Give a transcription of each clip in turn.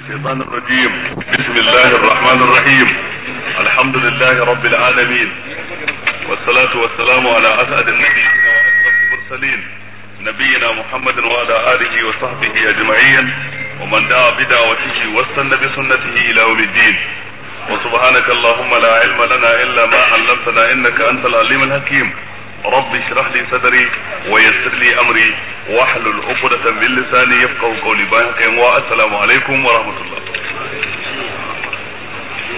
الشيطان الرجيم بسم الله الرحمن الرحيم الحمد لله رب العالمين والصلاة والسلام على أسعد النبيين وأشرف المرسلين نبينا محمد وعلى آله وصحبه أجمعين ومن دعا بدعوته واستنى بسنته إلى يوم الدين وسبحانك اللهم لا علم لنا إلا ما علمتنا إنك أنت العليم الحكيم رب اشرح لي صدري ويسر لي امري واحلل عقدة من لساني يفقهوا قولي بارك السلام عليكم ورحمة الله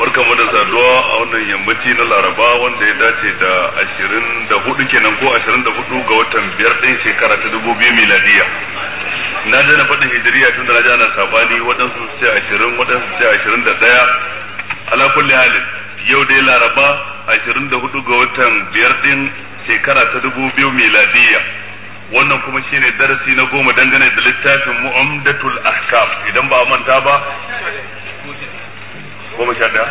barkan mu da saduwa a wannan yammaci na laraba wanda ya dace da ashirin da hudu kenan ko ashirin da hudu ga watan biyar ɗin shekara ta dubu biyu miladiya na je na faɗin hijiriya tun da na ji sabani waɗansu su ce ashirin waɗansu su ce ashirin da ɗaya ala kulli halin yau dai laraba ashirin da hudu ga watan biyar ɗin shekara ta dubu biyu miladiyya wannan kuma shine darasi na goma dangane da littafin mu'amdatul ahkam idan ba a manta ba goma sha daya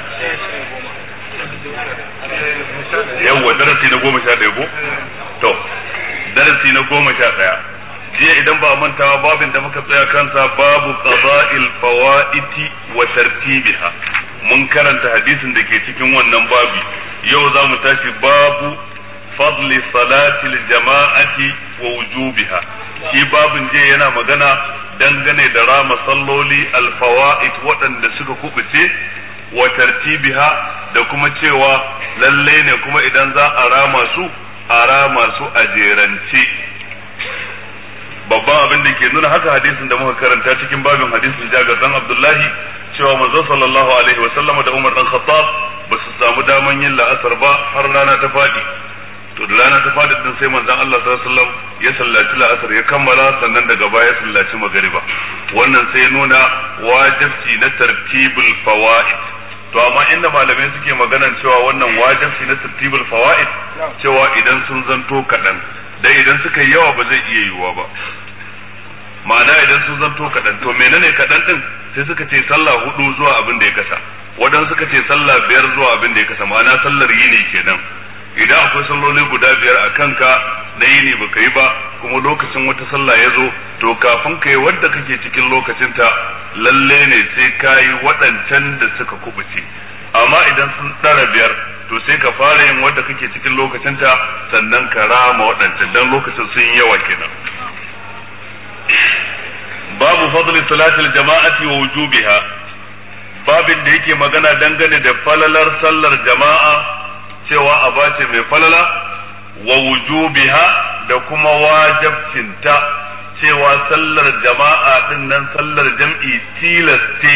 yawwa darasi na goma sha daya ko to darasi na goma sha daya jiya idan ba a manta babin da muka tsaya kansa babu qada'il fawaiti wa tartibiha mun karanta hadisin da ke cikin wannan babi yau za mu tashi babu fadli salatil jama'ati wa wujubiha shi babin jiya yana magana dangane da rama salloli alfawa'id waɗanda suka kubuce wa tartibiha da kuma cewa lallai ne kuma idan za a rama su a rama su a jerance babban abin da ke nuna haka hadisin da muka karanta cikin babin hadisin jagar dan abdullahi cewa manzo sallallahu alaihi wasallam da umar dan khattab ba su samu daman yin la'asar ba har rana ta faɗi. to da rana ta fadi din sai manzon Allah sallallahu alaihi wasallam ya sallaci la'asar ya kammala sannan daga baya ya sallaci magariba wannan sai nuna wajibci na tartibul fawaid to amma inda malamai suke maganan cewa wannan wajibci na tartibul fawaid cewa idan sun zanto kadan dai idan suka yi yawa ba zai iya yiwuwa ba ma'ana idan sun zanto kaɗan to menene kaɗan ɗin sai suka ce sallah hudu zuwa abin da ya kasa wadan suka ce sallah biyar zuwa abin da ya kasa ma'ana sallar yini kenan idan akwai salloli guda biyar a kanka na yi ne baka yi ba kuma lokacin wata sallah ya zo to kafin ka yi wadda kake cikin lokacinta lalle ne sai ka yi waɗancan da suka kubuce amma idan sun ɗara biyar to sai ka fara yin wadda kake cikin lokacinta sannan ka rama waɗancan dan lokacin sun yi yawa kenan babu fadli salatul jama'ati wa wujubiha babin da yake magana dangane da falalar sallar jama'a cewa aba ce mai falala wa wujubiha da kuma wajabcinta cewa sallar jama'a din nan sallar jam'i tilaste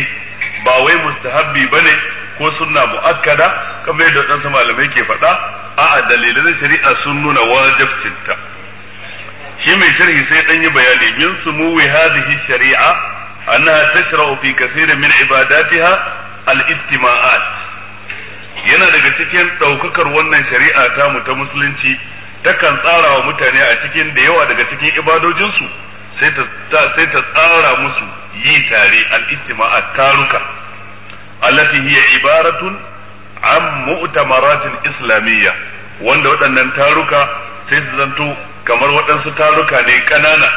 ba wai mustahabbi bane ko sunna muakkada kamar yadda wadansu malamai ke faɗa a'a dalilan shari'a sun nuna wajabcinta shi mai sharhi sai dan yi bayani min sumuwi hadhihi shari'a annaha tashra'u fi kaseerin min ibadatiha al-ijtima'at yana daga cikin ɗaukakar wannan shari'a ta mu ta musulunci takan tsara wa mutane a cikin da yawa daga cikin ibadojinsu sai ta tsara musu yi tare al-istima'a taruka allati hiya ibaratun an mu'tamaratin islamiyya wanda waɗannan taruka sai su zanto kamar waɗansu taruka ne ƙanana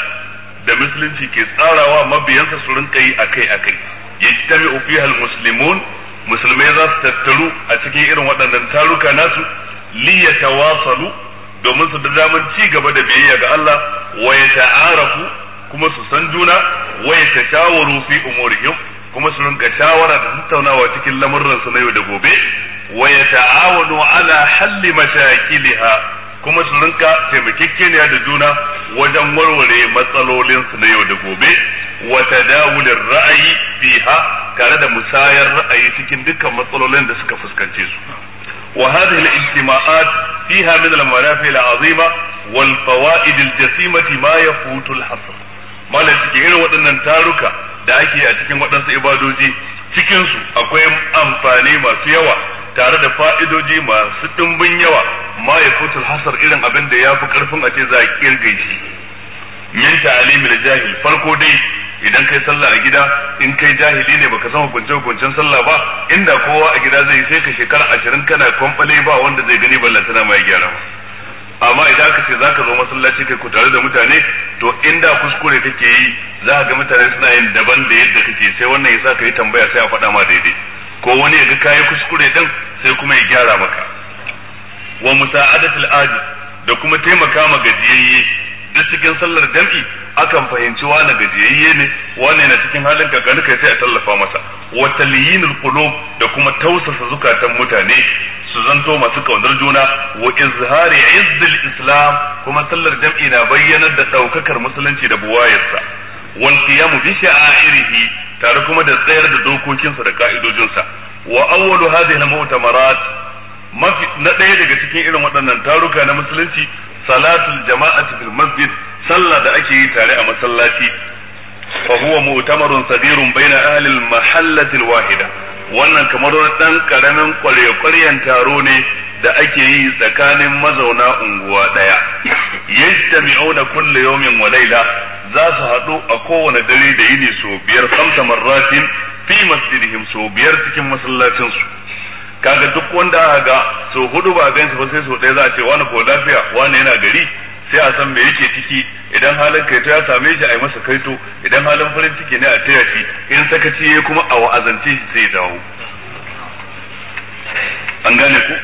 da musulunci ke tsarawa mabiyansa su rinka yi akai akai yajtami'u fiha al-muslimun musulmai za su tattaru a cikin irin waɗannan taruka nasu li domin su da daman ci gaba da biyayya ga Allah wa yata'arafu kuma su san juna wa yatashawaru fi umurihim kuma su rinka shawara da tattaunawa cikin lamurransu na yau da gobe wa ta'awanu ala halli mashakiliha kuma su rinka taimakekeniya da juna wajen warware matsalolinsu na yau da gobe wa tadawulin ra'ayi fiha tare da musayar ra'ayi cikin dukkan matsalolin da suka fuskance su wa hadhihi al-ijtima'at fiha min al-marafi al-azima wal fawaid al-jasimati ma yafutu al-hasr cikin irin waɗannan taruka da ake a cikin waɗansu ibadoji cikin su akwai amfani masu yawa tare da fa'idoji masu ɗumbin yawa ma ya hasar irin abin da ya fi ƙarfin a ce za a ƙirga shi min ta'alimil jahil farko dai idan kai sallah a gida in kai jahili ne baka san hukunce hukuncen sallah ba inda kowa a gida zai sai ka shekara ashirin kana kwamfale ba wanda zai gani ballan tana mai gyara amma idan aka ce zaka zo masallaci kai ku tare da mutane to inda kuskure kake yi za ka ga mutane suna yin daban da yadda kake sai wannan yasa ka yi tambaya sai a faɗa ma daidai ko wani ya ga kayan kuskure dan sai kuma ya gyara maka wa musa'adatul aji da kuma taimaka ma gajiyayye duk cikin sallar jam'i akan fahimci wani gajiyayye ne wani na cikin halin ka kai sai a tallafa masa wa talyinul qulub da kuma tausasa zukatan mutane su zanto masu kaunar juna wa izhari izzil islam kuma sallar jam'i na bayyanar da daukakar musulunci da buwayarsa wal qiyam bi sha'airihi tare kuma da tsayar da dokokinsa da ka'idojinsa wa awwalu hadhihi mutamarat mafi na ɗaya daga cikin irin waɗannan taruka na musulunci salatul jama'ati fil masjid sallah da ake yi tare a masallaci fa huwa mu'tamarun sadirun baina ahli al-mahallati wahida wannan kamar wani ɗan ƙaramin ƙwarya-ƙwaryen taro ne da ake yi tsakanin mazauna unguwa ɗaya yajtami'una kullu yawmin wa layla za su haɗu a kowane dare da yini sau biyar samta marratin fi masjidihim sau biyar cikin masallacinsu kaga duk wanda aka ga sau hudu ba a su ba sai sau ɗaya za a ce wani ko lafiya wani yana gari sai a san me yake ciki idan halin kaito ya same shi a yi masa kaito idan halin farin ciki ne a taya shi in sakaci ya kuma a wa'azance shi sai ya dawo an gane ku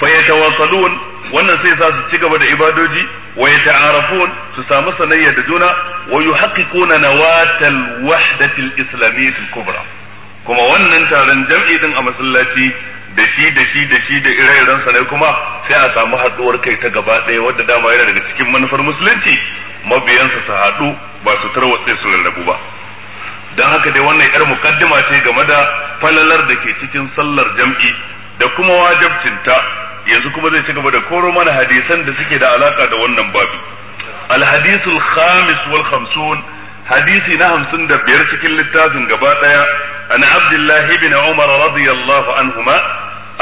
fa yatawassalun wannan sai sa su ci gaba da ibadoji wa yata'arafun su samu sanayya da juna wa yuhaqqiquna nawatal wahdati al-islamiyyah kubra kuma wannan taron jam'i din a masallaci da shi da shi da shi da ire-iren sa kuma sai a samu haɗuwar kai ta gaba ɗaya wadda dama yana daga cikin manufar musulunci mabiyansa su haɗu ba su tarwatse su rarrabu ba don haka dai wannan yar mukaddima ce game da falalar da ke cikin sallar jam'i da kuma wajabcinta yanzu kuma zai ci gaba da koro mana hadisan da suke da alaka da wannan babi alhadisul khamis wal khamsun hadisi na hamsin da biyar cikin littafin gaba daya an abdullahi ibn umar radiyallahu anhuma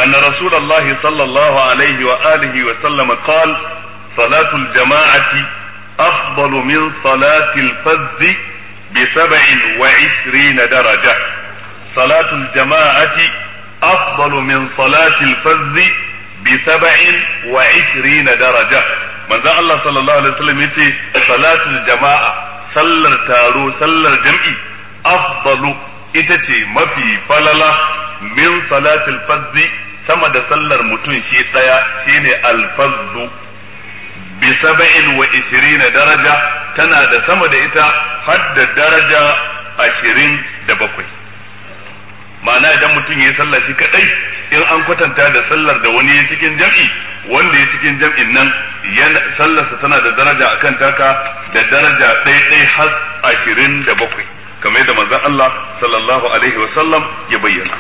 أن رسول الله صلى الله عليه وآله وسلم قال صلاة الجماعة أفضل من صلاة الفز بسبع وعشرين درجة صلاة الجماعة أفضل من صلاة الفز bi sab'in wa 20 daraja manza Allah sallallahu alaihi wasallam yace salatul jama'a sallar taro sallar jam'i afdalu ita ce mafi falala min salatul fazzi sama da sallar mutum shi daya shine alfazzu bi sab'in wa 20 daraja tana da sama da ita har da daraja ashirin da bakwai ma'ana idan mutum ya sallah shi kadai in an kwatanta da sallar da wani ya cikin jam'i wanda ya cikin jam'in nan yana sallarsa tana da daraja akan taka da daraja ɗaiɗai har ashirin da bakwai kamar yadda manzon Allah sallallahu alaihi wasallam ya bayyana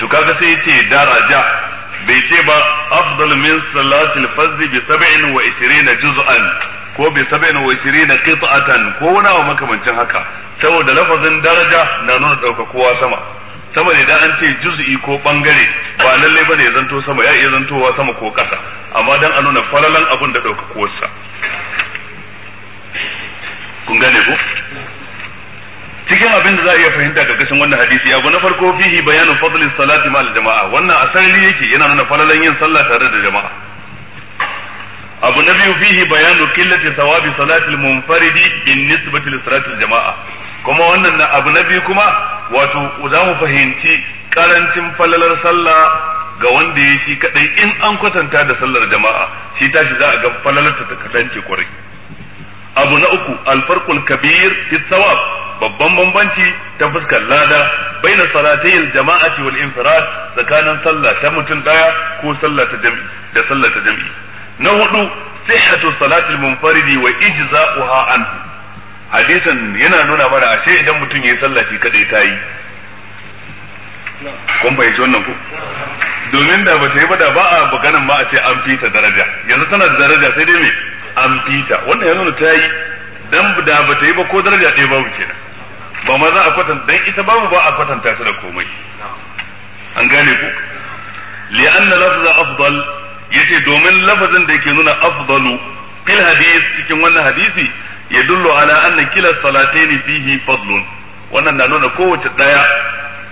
to kaga sai yace daraja bai ce ba afdal min salatil fajr bi 27 juz'an ko bi 27 qit'atan ko wani makamancin haka saboda lafazin daraja na nuna dauka kowa sama sama ne da an ce juz'i ko bangare ba lallai bane ya zanto sama ya iya zantowa sama ko kasa amma dan a nuna falalan abin da dauka kowarsa kun gane ko cikin abin da za a iya fahimta ga kashin wannan hadisi abu na farko fihi bayanin fadlis salati ma'al jama'a wannan asali yake yana nuna falalan yin sallah tare da jama'a abu na biyu fihi bayanu qillati thawabi salati al-munfaridi bin nisbati li salati al-jama'a kuma wannan abu na biyu kuma wato za mu fahimci karancin falalar sallah ga wanda ya shi kadai in an kwatanta da sallar jama'a shi tashi za a ga falalar ta kasance kwarai abu na uku alfarkul kabir fi thawab babban bambanci ta fuskar lada baina salatayil jama'ati wal infirad tsakanin sallah ta mutum daya ko sallah ta jami'i da sallah ta jami'i na hudu sihhatu salatil munfaridi wa ijza'uha anhu hadisin yana nuna mana ashe idan mutum ya yi sallah shi kadai ta yi kun fahimci wannan ko domin da ba ta yi ba da ba a maganin ma a ce an fita daraja yanzu tana da daraja sai dai me an fita wannan ya nuna ta yi dan da ba ta yi ba ko daraja ɗaya babu kenan ba ma za a kwatanta dan ita babu ba a kwatanta ta da komai an gane ku li'anna lafza afdal yace domin lafazin da yake nuna afdalu fil hadith cikin wannan hadisi yadullu ala anna kila salataini fihi fadlun wannan na nuna kowace daya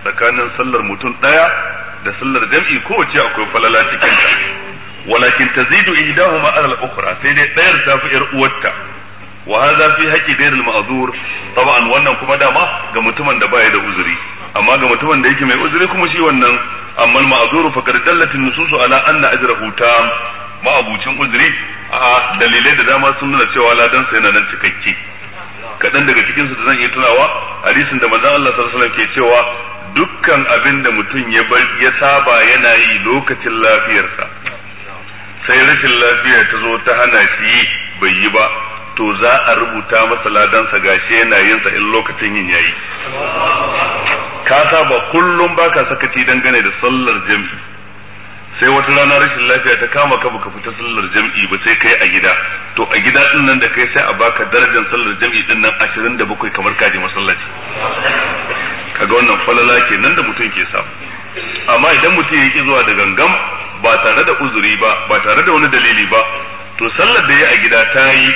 tsakanin sallar mutum ɗaya da sallar jam'i kowace akwai falala cikin ta walakin tazidu ihdahuma ala al-ukhra sai dai ɗayar ta fi yar uwarta wa hadha fi haqqi ghayr al-ma'zur taban wannan kuma dama ga mutumin da baya da uzuri amma ga mutumin da yake mai uzuri kuma shi wannan amma al-ma'zuru faqad dallat an-nusus ala anna ajrahu tam ma'abucin uzuri a dalilai da dama sun nuna cewa ladansa yana nan cikakke kaɗan daga cikinsu da zan iya tunawa hadisin da manzon Allah sallallahu alaihi wasallam ke cewa dukkan abin da mutum ya bar ya saba yana yi lokacin lafiyarsa sai rashin lafiya ta zo ta hana shi bai yi ba to za a rubuta masa ladansa gashi yana yin sa in lokacin yin yayi ka saba kullum baka sakaci dangane da sallar jami'i sai wata rana rashin lafiya ta kama ka baka fita sallar jam'i ba sai kai a gida to a gida din nan da kai sai a baka darajar sallar jam'i din nan 27 kamar ka je masallaci kaga wannan falala ke nan da mutum ke samu amma idan mutum yake zuwa da gangam ba tare da uzuri ba ba tare da wani dalili ba to sallar da ya a gida ta yi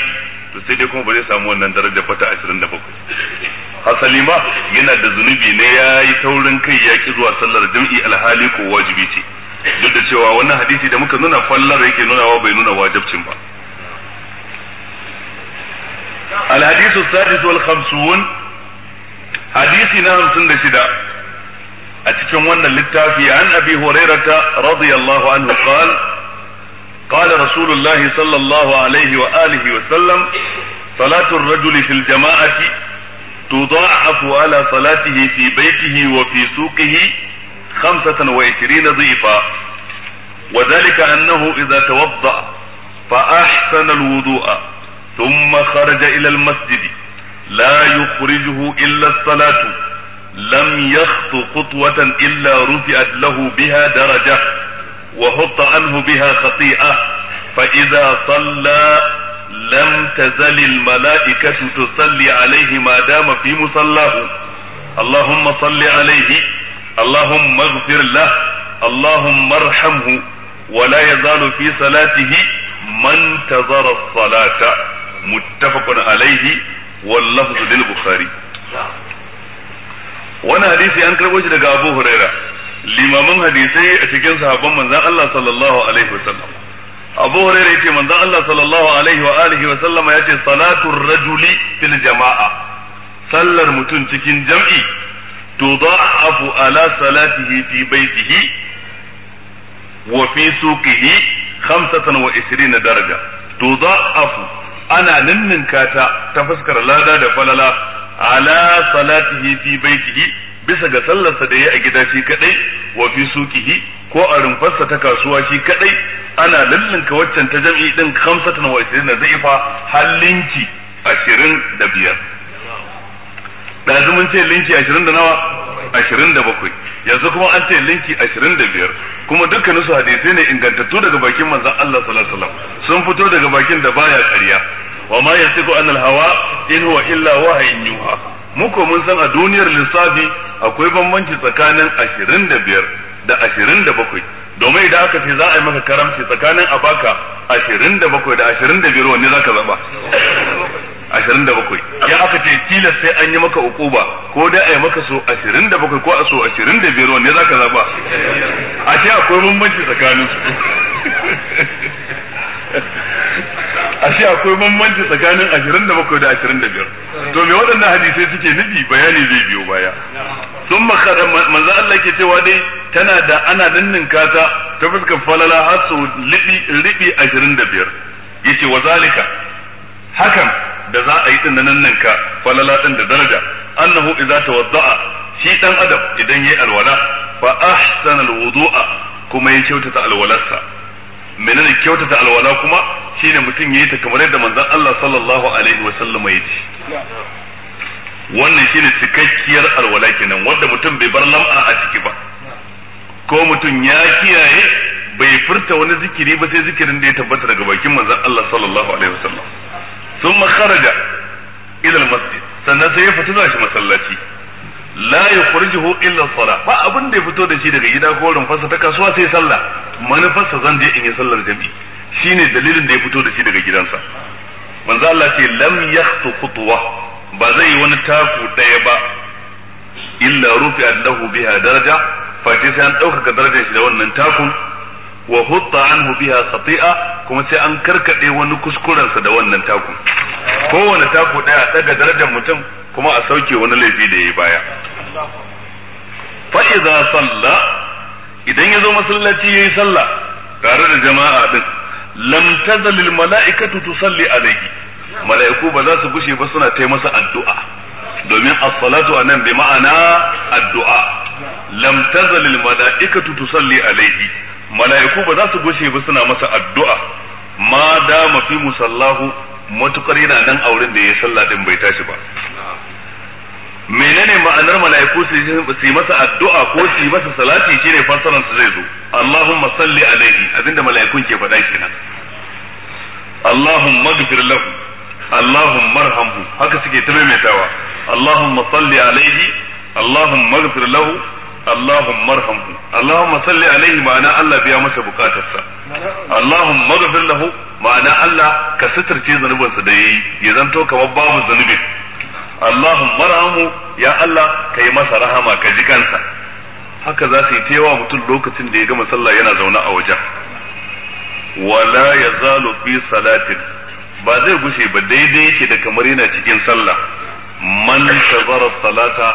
to sai dai kuma ba zai samu wannan darajar ba ta 27 hasali ma yana da zunubi ne ya yi taurin kai ya ki zuwa sallar jam'i alhali ko wajibi ce duk da cewa wannan hadisi da muka nuna fallar yake nunawa bai nuna wajibcin ba الحديث السادس والخمسون حديثنا همسن دشدا أتكم وانا للتافي عن أبي هريرة رضي الله عنه قال قال رسول الله صلى الله عليه وآله وسلم صلاة الرجل في الجماعة تضاعف على صلاته في بيته وفي سوقه خمسة وعشرين ضيفا وذلك أنه إذا توضأ فأحسن الوضوء ثم خرج إلى المسجد لا يخرجه إلا الصلاة لم يخط خطوة إلا رفعت له بها درجة وحط عنه بها خطيئة فإذا صلى لم تزل الملائكة تصلي عليه ما دام في مصلاه اللهم صل عليه اللهم اغفر له اللهم ارحمه ولا يزال في صلاته من تزر الصلاة متفق عليه واللفظ للبخاري wani hadisi an karɓo shi daga Abu Huraira limamin hadisai a cikin sahabban manzon Allah sallallahu alaihi wasallam Abu Huraira yace manzon Allah sallallahu alaihi wa alihi wa sallam yace salatul rajuli fil jama'a sallar mutum cikin jam'i تضاعف على صلاته في بيته وفي سوقه خمسة وعشرين درجة تضاعف أنا ننن كاتا تفسكر لا دا فللا على صلاته في بيته bisa ga sallarsa da ya a gida shi kadai wa fi sukihi ko a rumfarsa ta kasuwa shi kadai ana lallinka waccan ta jam'i din 25 na zaifa halinki 25 ɗazu mun ce linki ashirin da nawa ashirin da bakwai yanzu kuma an ce linki ashirin da biyar kuma dukkanin su hadisai ne ingantattu daga bakin manzon Allah sallallahu alaihi wasallam sun fito daga bakin da baya ƙarya wa ma yasiku anil hawa in huwa illa wahayin yuha mu ko mun san a duniyar lissafi akwai bambanci tsakanin ashirin da biyar da ashirin da bakwai domin idan aka ce za a yi maka karamci tsakanin a baka ashirin da bakwai da ashirin da biyar wanne za ka zaba. ashirin da bakwai ya aka ce tilas sai an yi maka ukuba ko dai a yi maka so ashirin da bakwai ko a so ashirin da biyar wanne za ka zaba a ce akwai bambanci tsakanin su a ce akwai bambanci tsakanin ashirin da bakwai da ashirin da biyar to me waɗannan hadisai suke nufi bayani zai biyo baya sun makara manzan Allah ke cewa dai tana da ana ninninka kata ta fuskar falala har su liɓi ashirin da biyar yace wa zalika hakan da za a yi din nan nan ka falala din da daraja annahu idza tawadda'a shi dan adam idan yayi alwala fa ahsana alwudu'a kuma ya kyautata alwalarsa menene kyautata alwala kuma shine mutum yayi ta kamar yadda manzon Allah sallallahu alaihi wa sallam ya ce wannan shine cikakkiyar alwala kenan wanda mutum bai bar lam'a a ciki ba ko mutum ya kiyaye bai furta wani zikiri ba sai zikirin da ya tabbata daga bakin manzon Allah sallallahu alaihi sallam sun kharaja ila al sannan sai ya fita zuwa shi masallaci la yukhrijuhu illa as-salah ba abin da ya fito da shi daga gida ko fasa ta kasuwa sai sallah manufarsa zan je in yi sallar jami'i shine dalilin da ya fito da shi daga gidansa manzo Allah ce lam yakhtu khutwa ba zai yi wani taku daya ba illa rufi'a lahu biha daraja fa sai an dauka darajar shi da wannan takun wa hutta anhu biha khati'a kuma sai an karkade wani kuskuren sa da wannan taku kowane taku daya daga darajar mutum kuma a sauke wani laifi da yayi baya fa idza salla idan yazo masallaci yayi sallah tare da jama'a din lam tazal al mala'ikatu tusalli alayhi mala'iku ba za su gushe ba suna ta masa addu'a domin as-salatu anan bi ma'ana addu'a lam tazal al mala'ikatu tusalli alayhi mala'iku ba za su gushe ba suna masa addu'a ma da mafi musallahu matukar yana nan a wurin da ya sallah din bai tashi ba menene ma'anar mala'iku su yi masa addu'a ko su yi masa salati shine fassaran su zai zo Allahumma salli alaihi abinda mala'ikun ke faɗa kenan Allahumma ghfir lahu Allahumma arhamhu haka suke ta maimaitawa Allahumma salli alaihi Allahumma ghfir lahu Allahumma arhamhu Allahumma salli alaihi ma'ana Allah biya masa bukatarsa Allahumma ghfir lahu ma'ana Allah ka suturce zanubansa da yayi ya zanto kamar babu zanubi Allahumma arhamhu ya Allah ka yi masa rahama ka ji kansa haka za su yi tewa mutum lokacin da ya gama sallah yana zaune a wajen wala yazalu fi salatin ba zai gushe ba daidai yake da kamar yana cikin sallah man tazara salata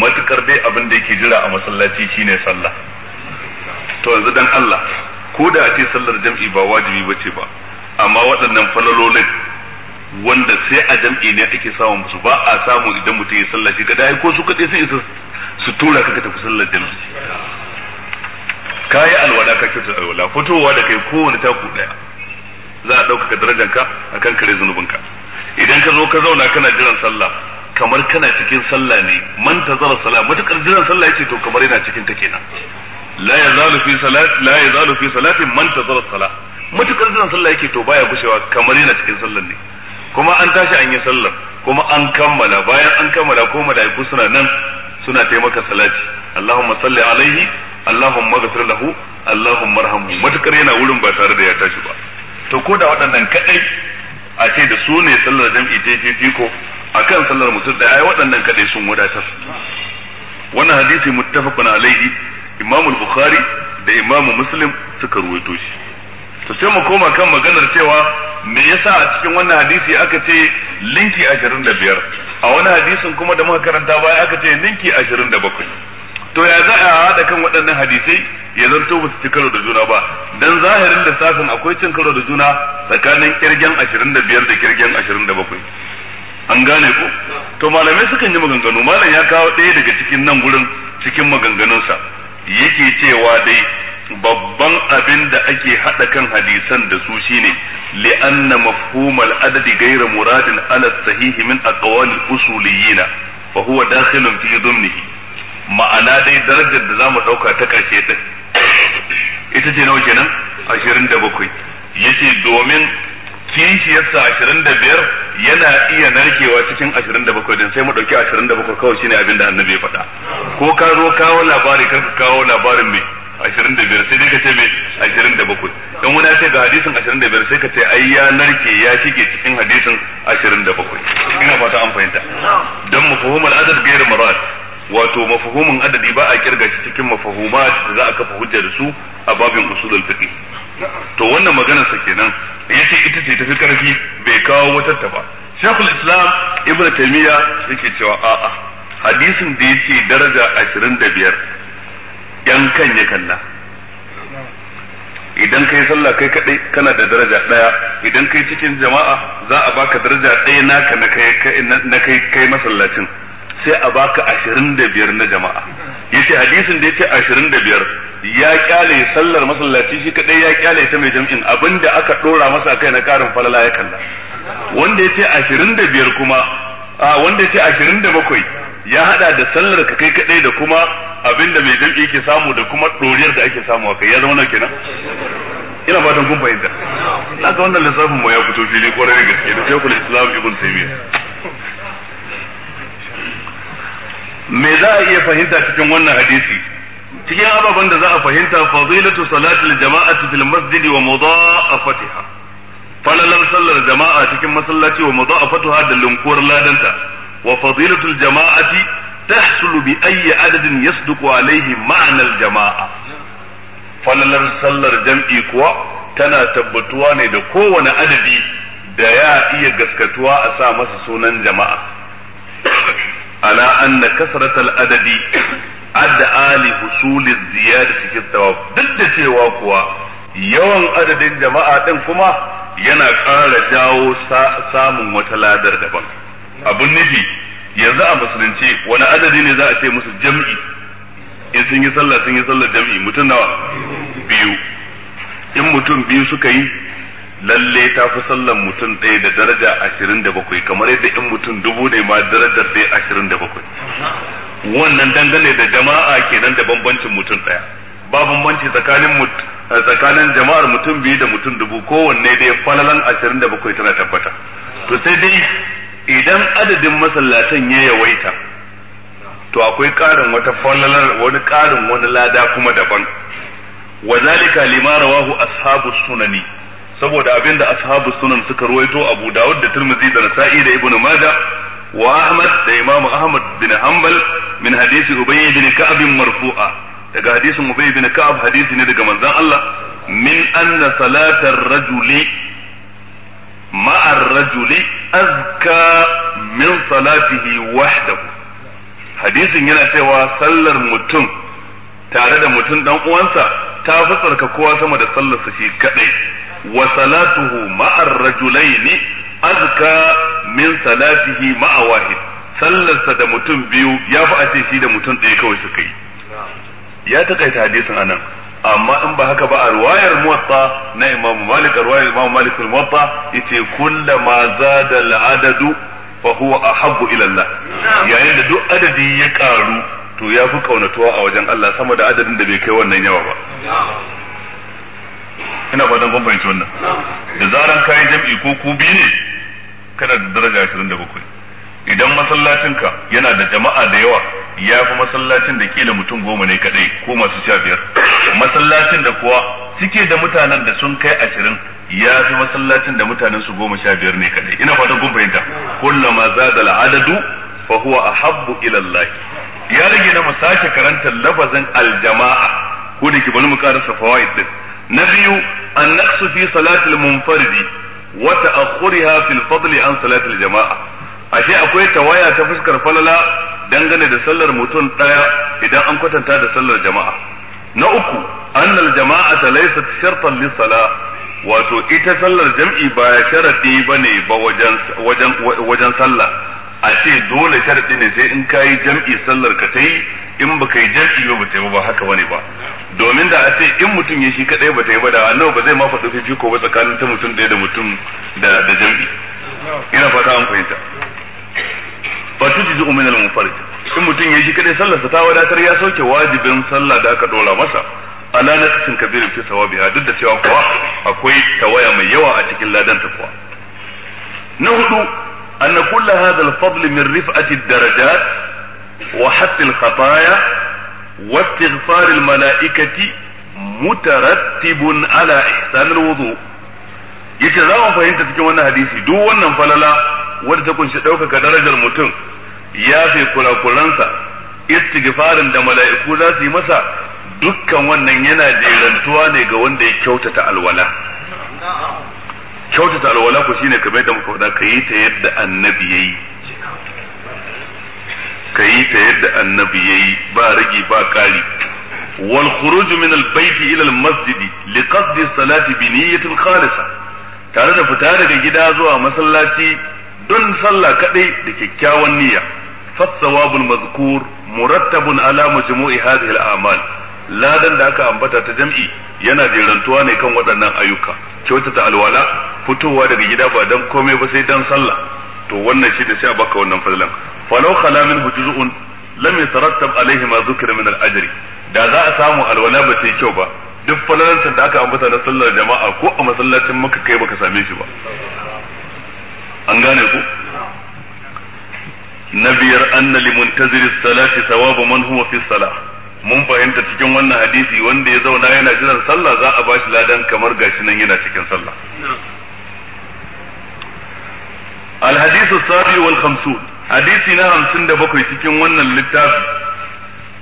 matukar dai abin da yake jira a masallaci shine sallah to yanzu dan Allah ko da ce sallar jam'i ba wajibi bace ba amma waɗannan falalolin wanda sai a jam'i ne ake samun su ba a samu idan mutum ya sallah shi kada ko su kaɗai sai su tura ka tafi sallar jam'i kayi alwala ka kyautar alwala fitowa da kai kowane taku ɗaya za a ɗaukaka darajanka akan kare zunubinka idan ka zo ka zauna kana jiran sallah kamar kana cikin sallah ne man tazara salat matukar jiran sallah yace to kamar yana cikin ta kenan la yazalu fi salat la yazalu fi salatin man tazara salat matukar jiran sallah yake to baya gushewa kamar yana cikin sallah ne kuma an tashi an yi sallah kuma an kammala bayan an kammala ko malaiku suna nan suna taimaka salati Allahumma salli alaihi Allahumma ghfir lahu Allahumma arhamhu matukar yana wurin ba tare da ya tashi ba to ko da waɗannan kadai a ce da su ne sallar jam'i ta ko. akan sallar mutum da ai waɗannan kadai sun wadatar wannan hadisi muttafaqun alaihi imamu bukhari da imamu muslim suka ruwaito shi to sai mu koma kan maganar cewa me yasa a cikin wannan hadisi aka ce linki 25 a wani hadisin kuma da muka karanta baya aka ce linki 27 to ya za a hada kan waɗannan hadisai ya zanto ba su ci karo da juna ba dan zahirin da safin akwai cin karo da juna tsakanin kirgen 25 da kirgen 27 an gane ko to malamai sukan yi maganganu malam ya kawo ɗaya daga cikin nan gurin cikin maganganunsa yake cewa dai babban abin da ake haɗa kan hadisan da su shine li'anna mafhumal adadi gaira muradin ala sahihi min aqwalil usuliyina fa huwa dakhilun fi dhumnihi ma'ana dai darajar da zamu dauka ta karshe din ita ce nawa kenan 27 yace domin kishiyarsa ashirin da biyar yana iya narkewa cikin ashirin da bakwai din sai mu ɗauki ashirin da bakwai kawai shine abin da annabi ya faɗa ko ka zo kawo labari kar ka kawo labarin mai ashirin da biyar sai dai ka ce mai ashirin da bakwai don wani ce ga hadisin ashirin da biyar sai ka ce ai ya narke ya shige cikin hadisin ashirin da bakwai ina fata an fahimta don mafahumar adad gairu marad wato mafahumin adadi ba a kirga shi cikin mafahumat da za a kafa hujja da su a babin usulul fiqh to wannan maganar sa kenan yace ita ce tafi karfi bai kawo wata ta ba shekul islam ibnu taymiya yake cewa a'a hadisin da yace daraja 25 yan kan ya kalla idan kai sallah kai kadai kana da daraja daya idan kai cikin jama'a za a baka daraja daya naka na na kai kai masallacin sai a baka ashirin da biyar na jama'a yace hadisin da ce ashirin da biyar ya kyale sallar masallaci shi kadai ya kyale ta mai jam'in abinda aka dora masa kai na karin falala ya kalla wanda yace ashirin da biyar kuma a wanda yace ashirin da bakwai ya hada da sallar ka kai kadai da kuma abinda mai jam'i ke samu da kuma doriyar da ake samu kai ya zama nawa kenan ina fatan kun fahimta ga wannan lissafin mu ya fito fili kwarai da gaske da shekul islam ibn taymiyyah me za a iya fahimta cikin wannan hadisi cikin ababen da za a fahimta fadilatu salatil jama'ati fil masjidi wa mudha'afatiha falalar sallar jama'a cikin masallaci wa mudha'afatuha da lunkuwar ladanta wa fadilatul jama'ati tahsulu bi ayyi adadin yasduqu alayhi ma'anal jama'a falalar sallar jam'i kuwa tana tabbatuwa ne da kowane adadi da ya iya gaskatuwa a sa masa sunan jama'a ala anna kasratal adadi ad'a li husuli ziyadati fi duk da cewa kuwa yawan adadin jama'a din kuma yana ƙara jawo samun wata ladar daban abun nufi yanzu a musulunci wani adadi ne za a ce musu jam'i in sun yi sallah sun yi sallah jam'i mutum nawa biyu in mutum biyu suka yi lalle ta fi sallan mutum ɗaya da daraja ashirin da bakwai kamar yadda in mutum dubu ne ma darajar ɗaya ashirin da bakwai wannan dangane da jama'a kenan da bambancin mutum ɗaya ba bambanci tsakanin tsakanin jama'ar mutum biyu da mutum dubu kowanne dai falalan ashirin da bakwai tana tabbata to sai dai idan adadin masallatan ya yawaita to akwai ƙarin wata falalar wani ƙarin wani lada kuma daban wa zalika limarawahu rawahu ashabu sunani saboda abin da ashabu sunan suka ruwaito Abu Dawud da Tirmidhi da Nasa'i da Ibn Majah wa Ahmad da Imam Ahmad bin Hanbal min hadisi Ubay bin Ka'ab marfu'a daga hadisin Ubay bin Ka'ab hadisi ne daga manzon Allah min anna salatar rajuli ma'a rajuli azka min salatihi wahdahu hadisin yana cewa sallar mutum tare da mutum dan uwansa ta fi kowa sama da sallarsa shi kadai wa salatuhu ma'ar rajulaini azka min salatihi ma'a wahid sallarsa da mutum biyu ya fi a shi da mutum ɗaya kawai suka yi ya takaita hadisin anan amma in ba haka ba a ruwayar muwatta na imam malik ruwayar imam malik al-muwatta yace kullama zada al-adadu fa huwa ahabbu ila Allah yayin da duk adadi ya karu to ya fi kaunatuwa a wajen Allah sama da adadin da bai kai wannan yawa ba ina fatan kun fahimci wannan da zaran kayan jam'i ko ku biyu ne kana da daraja ashirin da bakwai idan masallacinka yana da jama'a da yawa ya fi masallacin da kila mutum goma ne kadai ko masu sha biyar masallacin da kuwa suke da mutanen da sun kai ashirin ya fi masallacin da mutanen su goma sha biyar ne kadai ina fatan kun fahimta kullama zada al'adadu fa huwa ahabbu ila Allah ya rage na mu sake karantar labazin aljama'a ko da ke bari mu karasa fawaid din na biyu an naqsu fi salatil munfaridi wa ta'akhuriha fil fadli an salatil jama'a ashe akwai tawaya ta fuskar falala dangane da sallar mutum daya idan an kwatanta da sallar jama'a na uku annal jama'ata laysat shartan lis wato ita sallar jam'i ba sharadi bane ba wajen wajen wajen sallah a ce dole sharadi ne sai in kayi jam'i sallar ka tayi in baka yi jarki ba bata yi ba haka wani ba domin da a ce in mutum ya shi kadai bata yi ba da nawa ba zai ma faɗo jiko ba tsakanin ta mutum ɗaya da mutum da da jam'i ina fata an fahimta fa tujizu min al munfarid in mutum ya shi kadai sa ta wadatar ya sauke wajibin sallah da aka dora masa ala naqsin kabirin fi sawabiha duk da cewa kuwa akwai tawaya mai yawa a cikin ladan ta kuwa na hudu أن كل هذا الفضل من رفعة الدرجات وحث الخطايا واستغفار الملائكة مترتب على إحسان الوضوء yace za mu fahimta cikin wannan hadisi duk wannan falala wanda ta kunshi ɗaukaka darajar mutum ya fi kurakuransa istighfarin da mala'iku za su yi masa dukkan wannan yana jerantuwa ne ga wanda ya kyautata alwala kyautata alwala ku shine kamar yadda muka faɗa ka yi ta yadda annabi ya yi ka yi ta yadda annabi ya yi ba ragi ba ƙari wal khuruj min al bayt ila al masjid li qasd salati bi niyyatin khalisa tare da fita daga gida zuwa masallaci don sallah kadai da kyakkyawan niyya fa thawabul mazkur murattabun ala majmu'i hadhihi al a'mal ladan da aka ambata ta jam'i yana jerantuwa ne kan waɗannan ayyuka kyautata alwala fitowa daga gida ba dan komai ba sai dan sallah to wannan shi da sai a baka wannan fadlan walau khala minhu juz'un lam yatarattab alaihi ma dhukira min al da za a samu alwala ba yi kyau ba duk falalantar da aka ambata na sallar jama'a ko a masallacin maka kai baka same shi ba an gane ku na biyar anna limuntaziri salati sawabu man huwa fi salah mun fahimta cikin wannan hadisi wanda ya zauna yana jiran sallah za a bashi ladan kamar gashi nan yana cikin sallah الحديث wal والخمسون حديثنا عن نعم سند da bakwai cikin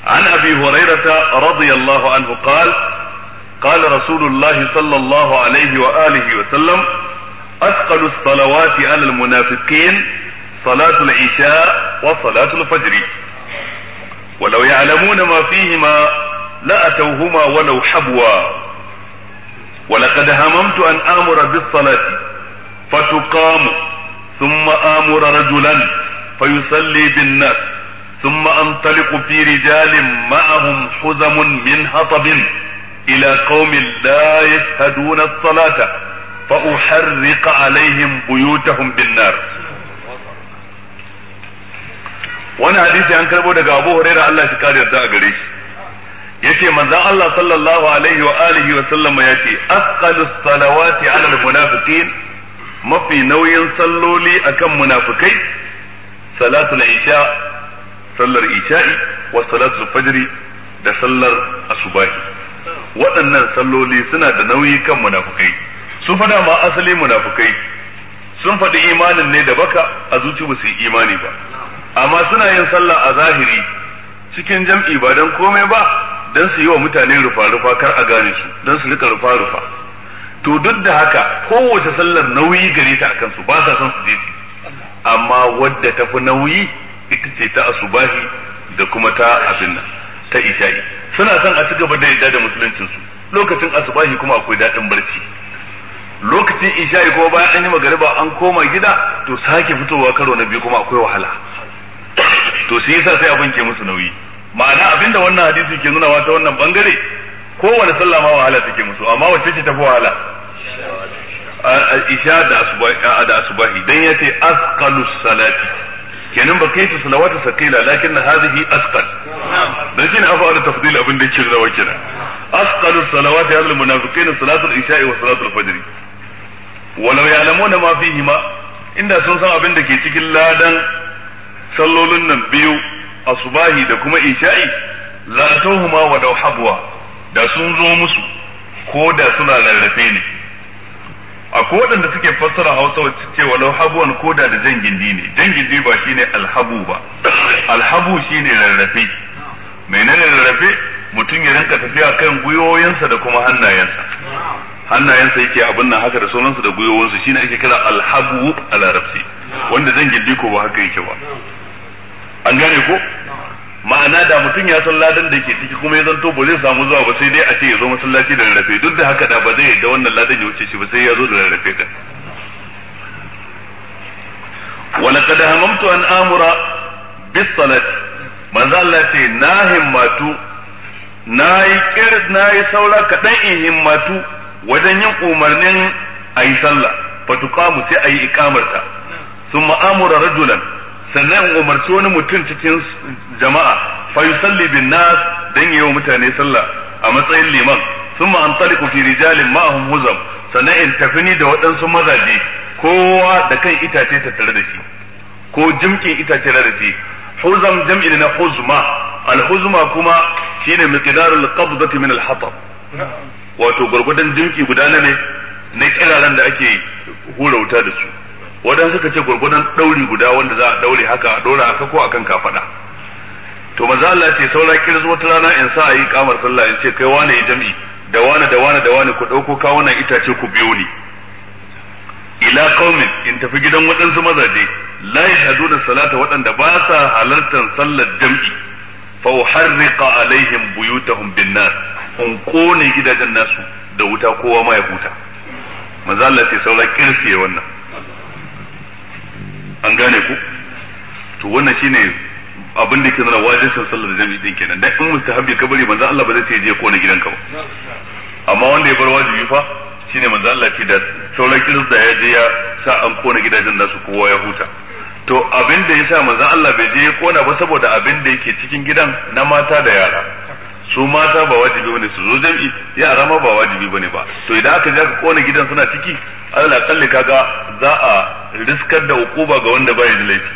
عن ابي هريرة رضي الله عنه قال قال رسول الله صلى الله عليه وآله وسلم أثقل الصلوات على المنافقين صلاة العشاء وصلاة الفجر ولو يعلمون ما فيهما لأتوهما ولو حبوا ولقد هممت أن آمر بالصلاة فتقام ثم آمر رجلا fa yusalli bin nas thumma antaliqu fi rijalin ma'ahum huzamun min hatabin ila qaumin la yashhaduna as-salata fa uharriqa alaihim buyutahum bin nar wani hadisi an karbo daga Abu Hurairah Allah shi kare yarda a gare shi yace manzon Allah sallallahu alaihi wa alihi wa sallam yace asqalu salawati ala al munafukin mafi nauyin salloli akan munafukai. salatul isha sallar isha'i wa salatul fajri da sallar asubahi waɗannan salloli suna da nauyi kan munafukai su fada ma asali munafukai sun faɗi imanin ne da baka a zuci ba su yi imani ba amma suna yin sallah a zahiri cikin jam'i ba don komai ba don su yi wa mutane rufa-rufa kar a gane su don su rika rufa-rufa to duk da haka kowace sallar nauyi gare ta akan su ba sa son su je amma wadda ta fi nauyi ita ce ta asubahi da kuma ta abin nan ta isha'i suna son a ci gaba da yadda da musulunci su lokacin asubahi kuma akwai daɗin barci lokacin isha'i kuma bayan an yi magariba an koma gida to sake fitowa karo na biyu kuma akwai wahala to shi yasa sai abin ke musu nauyi ma'ana abinda wannan hadisi ke nuna ta wannan bangare kowane sallah ma wahala take musu amma wacce ce tafi wahala isha da asubahi da asubahi dan yace asqalus salati kenan ba kai salawatu sakila lakin hadhihi asqal dan shine afa da tafdil abin da yake rawa kenan asqalus salawati al munafiqin salatu al isha wa salatu al fajr walau ya'lamuna ma fihi ma inda sun san abin da ke cikin ladan sallolin nan biyu asubahi da kuma isha'i la tawhuma wa dawhabwa da sun zo musu ko da suna rarrafe ne akwai waɗanda suke fassara hausa wacce ce walau habuwan koda da jan gindi ne jan gindi ba shine alhabu ba alhabu shine rarrafe menene rarrafe mutum ya rinka tafiya kan gwiwoyinsa da kuma hannayensa hannayensa yake abin nan haka da sauransu da gwiwoyinsu shine ake kira alhabu a larabci wanda jan gindi ko ba haka yake ba an gane ko ma'ana da mutum ya san ladan da ke ciki kuma ya zanto ba zai samu zuwa ba sai dai a ce ya zo masallaci da rarrafe duk da haka da ba zai yadda wannan ladan ya wuce shi ba sai ya zo da rarrafe din walaqad hamamtu an amura bis salat manzo Allah ce na himmatu nayi kir nayi saura kadan in himmatu wajen yin umarnin ayi sallah fa tuqamu sai ayi iqamarta thumma amura rajulan sannan umarci wani mutum cikin jama'a fa yusalli bin nas dan wa mutane sallah a matsayin liman thumma antaliqu fi rijalin ma'ahum huzam sannan in tafi da waɗansu mazaje kowa da kan itace ta da shi ko jimkin itace da shi huzam jam'i na huzma al huzma kuma shine miqdarul qabdati min al hatab wato gurgudan jimki guda ne na kiraran da ake hura wuta da su wadan suka ce gurgudan dauri guda wanda za a daure haka a dora a sako akan kafada to manzo Allah ce saura kirz wata rana in sa yi kamar sallah in ce kai wane ya jami'i da wane da wane da wane ku dauko kawunan itace ku biyo ni ila kaumin in tafi gidan waɗansu mazaje la da salata waɗanda ba sa halartar sallar jami'i fa uharriqa alaihim buyutahum bin nar in kone gidajen nasu da wuta kowa ma ya huta manzo Allah ce saura kirsi wannan an gane ku to wannan shine abin da ke nuna wajibin sallar jami'i din kenan dan in mustahabi ka kabari manzo Allah ba zai ce je kona gidanka ba amma wanda ya bar wajibi fa shine manzo Allah ce da sauran kirista ya je ya sa an kona gidajen nasu kowa ya huta to abin da yasa manzo Allah bai je ya kona ba saboda abin da yake cikin gidan na mata da yara su mata ba wajibi bane su zo jam'i yara ma ba wajibi bane ba to idan aka ja ka kona gidan suna ciki Allah kalli kaga za a riskar da hukuma ga wanda bai da laifi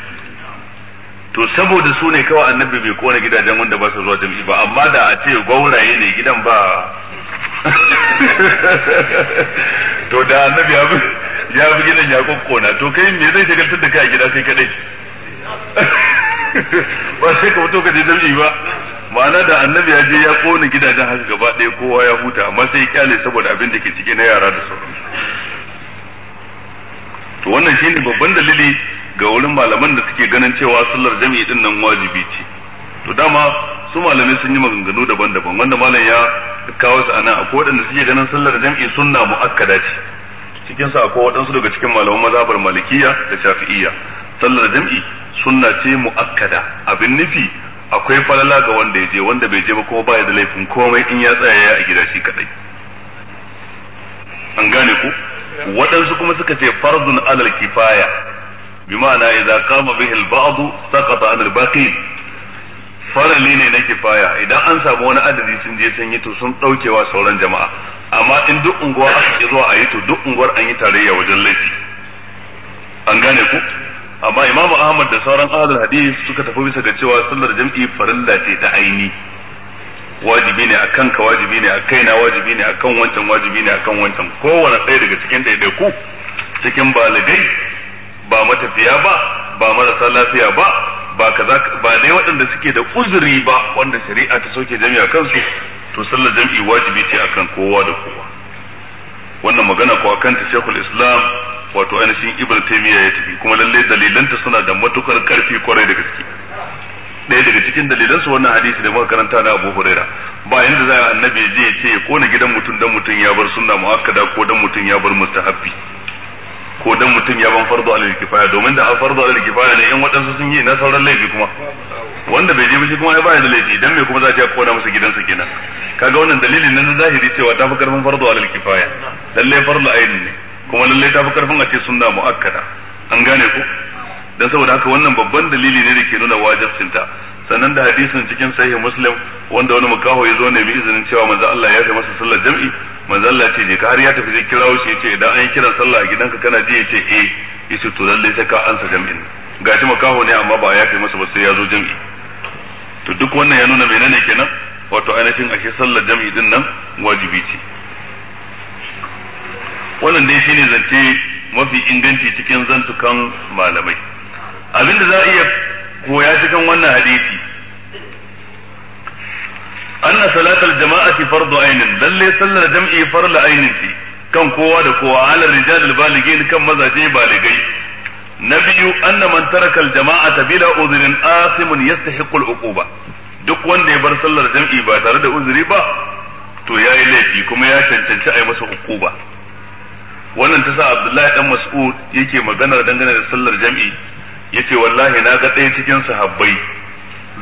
to saboda su ne kawai annabi bai kona gidajen wanda ba su zuwa jam'i ba amma da a ce gauraye ne gidan ba to da annabi ya bi ya bi gidan ya kokkona to kai me zai shigar da kai a gida kai kadai ba sai ka fito ka je jam'i ba ma'ana da annabi ya je ya kone gidajen haka gaba ɗaya kowa ya huta amma sai ya kyale saboda abin da ke ciki na yara da sauran to wannan shine babban dalili ga wurin malaman da suke ganin cewa sallar jami'i din nan wajibi ce to dama su malamai sun yi maganganu daban-daban wanda malam ya kawo su anan akwai waɗanda suke ganin sallar jami'i sunna mu'akkada ce cikin sa akwai waɗansu daga cikin malaman mazhabar malikiya da shafi'iyya sallar jami'i sunna ce mu'akkada abin nufi akwai falala ga wanda ya je wanda bai je ba kuma baya da laifin komai in ya tsaya ya a gida shi kadai an gane ku waɗansu kuma suka ce farzun alal kifaya bi ma'ana idza qama bihi al-ba'd saqata an al farali ne na kifaya idan an samu wani adadi sun je sun yi to sun daukewa sauran jama'a amma in duk unguwa aka ke zuwa a yi to duk unguwar an yi tarayya wajen laifi an gane ku amma Imam Ahmad da sauran ahlul hadith suka tafi bisa ga cewa sallar jam'i farilla ce ta aini wajibi ne akan ka wajibi ne a na wajibi ne akan wancan wajibi ne akan wancan kowane ɗaya daga cikin ɗaiɗaiku cikin baligai ba matafiya ba ba marasa lafiya ba ba kaza ba dai waɗanda suke da uzuri ba wanda shari'a ta soke jami'a kansu to sallar jam'i wajibi ce akan kowa da kowa wannan magana ko akan ta Sheikhul Islam wato ainihin ibn taymiya ya tafi kuma lalle dalilanta suna da matukar karfi kwarai da gaske ɗaya daga cikin dalilan su wannan hadisi da muka karanta na Abu Hurairah ba inda za annabi je ce ko kona gidan mutum dan mutum ya bar sunna muakkada ko dan mutum ya bar mustahabbi ko dan mutum ya ban fardu alal kifaya domin da fardu alal kifaya ne in waɗansu sun yi na sauran laifi kuma wanda bai je ba shi kuma ya baya da laifi dan me kuma za ta kona masa gidansa kenan kaga wannan dalilin nan na zahiri cewa ta fi karfin fardu alal kifaya lalle fardu ayin ne kuma lallai ta fi karfin a ce sunna muakkada an gane ku dan saboda haka wannan babban dalili ne da ke nuna wajibcinta sannan da hadisin cikin sahih muslim wanda wani mukaho ya zo ne bi izinin cewa manzo Allah ya fi masa sallar jam'i manzo Allah ce je ka har ya tafi je kirawo shi yace idan an yi kiran sallah a gidanka kana ji yace eh yace to lallai sai ka ansa jam'in gashi mukaho ne amma ba ya yafe masa ba sai ya zo jam'i to duk wannan ya nuna menene kenan wato ainihin ashe sallar jam'i din nan wajibi ce wannan dai shine zance mafi inganci cikin zantukan malamai abinda za a iya koya cikin wannan hadisi anna salatal jama'ati fardu ainin lalle sallar jam'i farla ainin fi kan kowa da kowa ala rijalil baligin kan mazaje baligai na biyu anna man taraka al jama'ata bila udhrin asimun yastahiqu al uquba duk wanda ya bar sallar jam'i ba tare da uzuri ba to yayi laifi kuma ya cancanci a yi masa uquba wannan ta sa Abdullahi dan Mas'ud yake magana dangane da sallar jami'i yace wallahi na ga ɗaya cikin sahabbai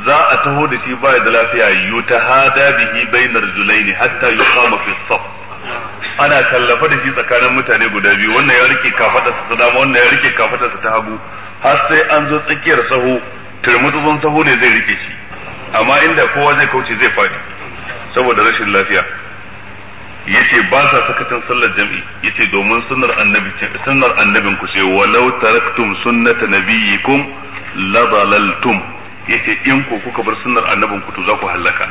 za a taho da shi baya da lafiya yutahada bihi bainar julaini hatta yuqama fi saf ana kallafa da shi tsakanin mutane guda biyu wannan ya rike kafadarsa ta dama wannan ya rike kafadarsa ta hagu har sai an zo tsakiyar saho turmutsutsun saho ne zai rike shi amma inda kowa zai kauce zai faɗi saboda rashin lafiya yace ba sa sakacin sallar jami'i yace domin sunnar annabi sunnar annabin ku ce walau taraktum sunnata nabiyikum la dalaltum yace in ku kuka bar sunnar annabin ku to za ku halaka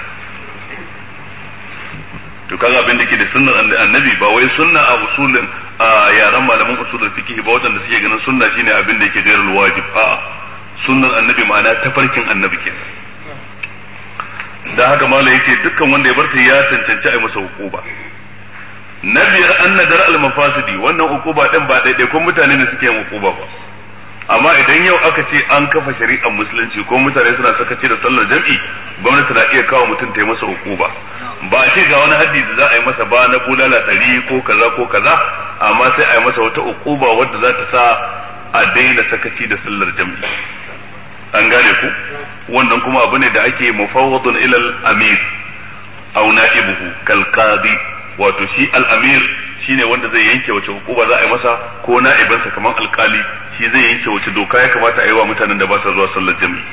to kaga abin da ke da sunnar annabi ba wai sunna a usulin a yaran malaman usulin fiqh ba wanda suke ganin sunna shine abin da yake gairul wajib a sunnar annabi ma'ana tafarkin annabi kenan da haka malai yake dukkan wanda ya bar ta ya cancanci a masa hukuma na biyar an nadar al-mafasidi wannan ukuba din ba daidai ko mutane ne suke yin ukuba ba amma idan yau aka ce an kafa shari'ar musulunci ko mutane suna sakaci da sallar jam'i gwamnati na iya kawo mutum ta yi masa ukuba ba a ce ga wani haddi da za a yi masa ba na bulala ɗari ko kaza ko kaza amma sai a yi masa wata ukuba wadda za ta sa a daina sakaci da sallar jam'i an gane ku wannan kuma abu ne da ake mufawwadun ilal amir auna na'ibuhu kal qadi wato shi al-amir shine wanda zai yanke wace hukuma za a yi masa ko na'ibansa kamar alkali shi zai yanke wace doka ya kamata a yi wa mutanen da ba sa zuwa sallar jami'i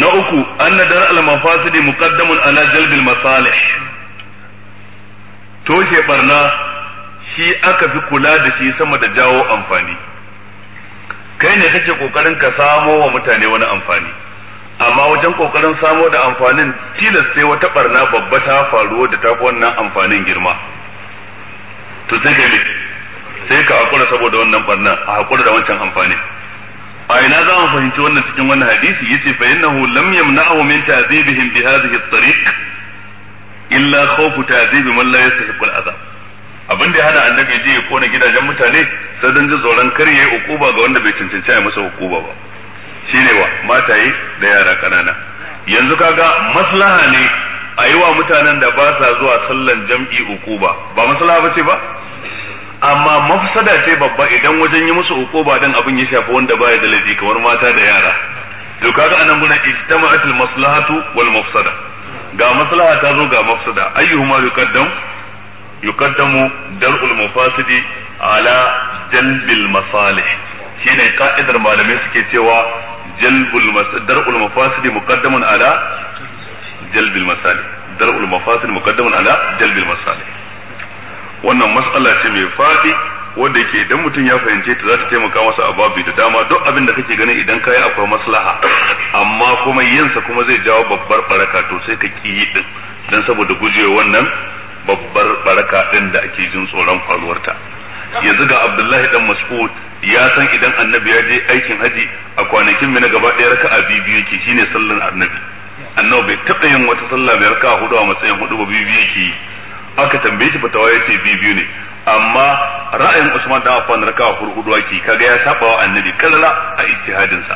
na uku an anna dar al-mafasidi muqaddamun ala jalbil masalih toshe barna shi aka fi kula da shi sama da jawo amfani kai ne kake kokarin ka samo wa mutane wani amfani amma wajen kokarin samo da amfanin tilas sai wata barna babba ta faruwa da ta fi wannan amfanin girma to sai ka sai ka hakura saboda wannan barna a hakura da wancan amfani. a ina za mu fahimci wannan cikin wannan hadisi yace fa innahu lam yamna'hu min ta'dhibihim bi hadhihi at-tariq illa khawfu ta'dhib man la yastahiqu al-'adab abin da ya hana annabi je ya kona gidajen mutane sai dan ji tsoron kar yayi ukuba ga wanda bai cancanci a masa ukuba ba shine wa mataye da yara kanana yanzu kaga maslaha ne a yi wa mutanen da ba sa zuwa sallan jam'i uku ba ba maslaha ba ce ba amma mafsada ce babba idan wajen yi musu uku ba dan abin ya shafi wanda baya da laifi kamar mata da yara to kaga anan gurin ijtama'at maslahatu wal mafsada ga maslaha ta zo ga mafsada ayyuhuma yuqaddam yuqaddamu dar'ul mafasidi ala jalbil masalih shine ka'idar malamai suke cewa jalbul dar'ul mafasidi muqaddamun ala jalbil masalih dar'ul mafasidi muqaddamun ala jalbil masalih wannan mas'ala ce mai fadi wanda yake idan mutum ya fahimce ta za ta taimaka masa a babu da dama duk abin da kake ganin idan kai akwai maslaha amma kuma yinsa kuma zai jawo babbar baraka to sai ka ki yi din dan saboda gujewa wannan babbar baraka din da ake jin tsoron faruwarta yanzu ga Abdullahi dan Mas'ud ya san idan annabi ya je aikin haji a kwanakin mina gaba ɗaya raka'a biyu yake shine sallar annabi annabi bai taɓa yin wata sallah mai raka'a hudu a matsayin hudu ba biyu yake yi aka tambaye shi fatawa ya ce biyu ne amma ra'ayin Usman dan Affan raka'a hudu ake kaga ya saba wa annabi kalala a ijtihadinsa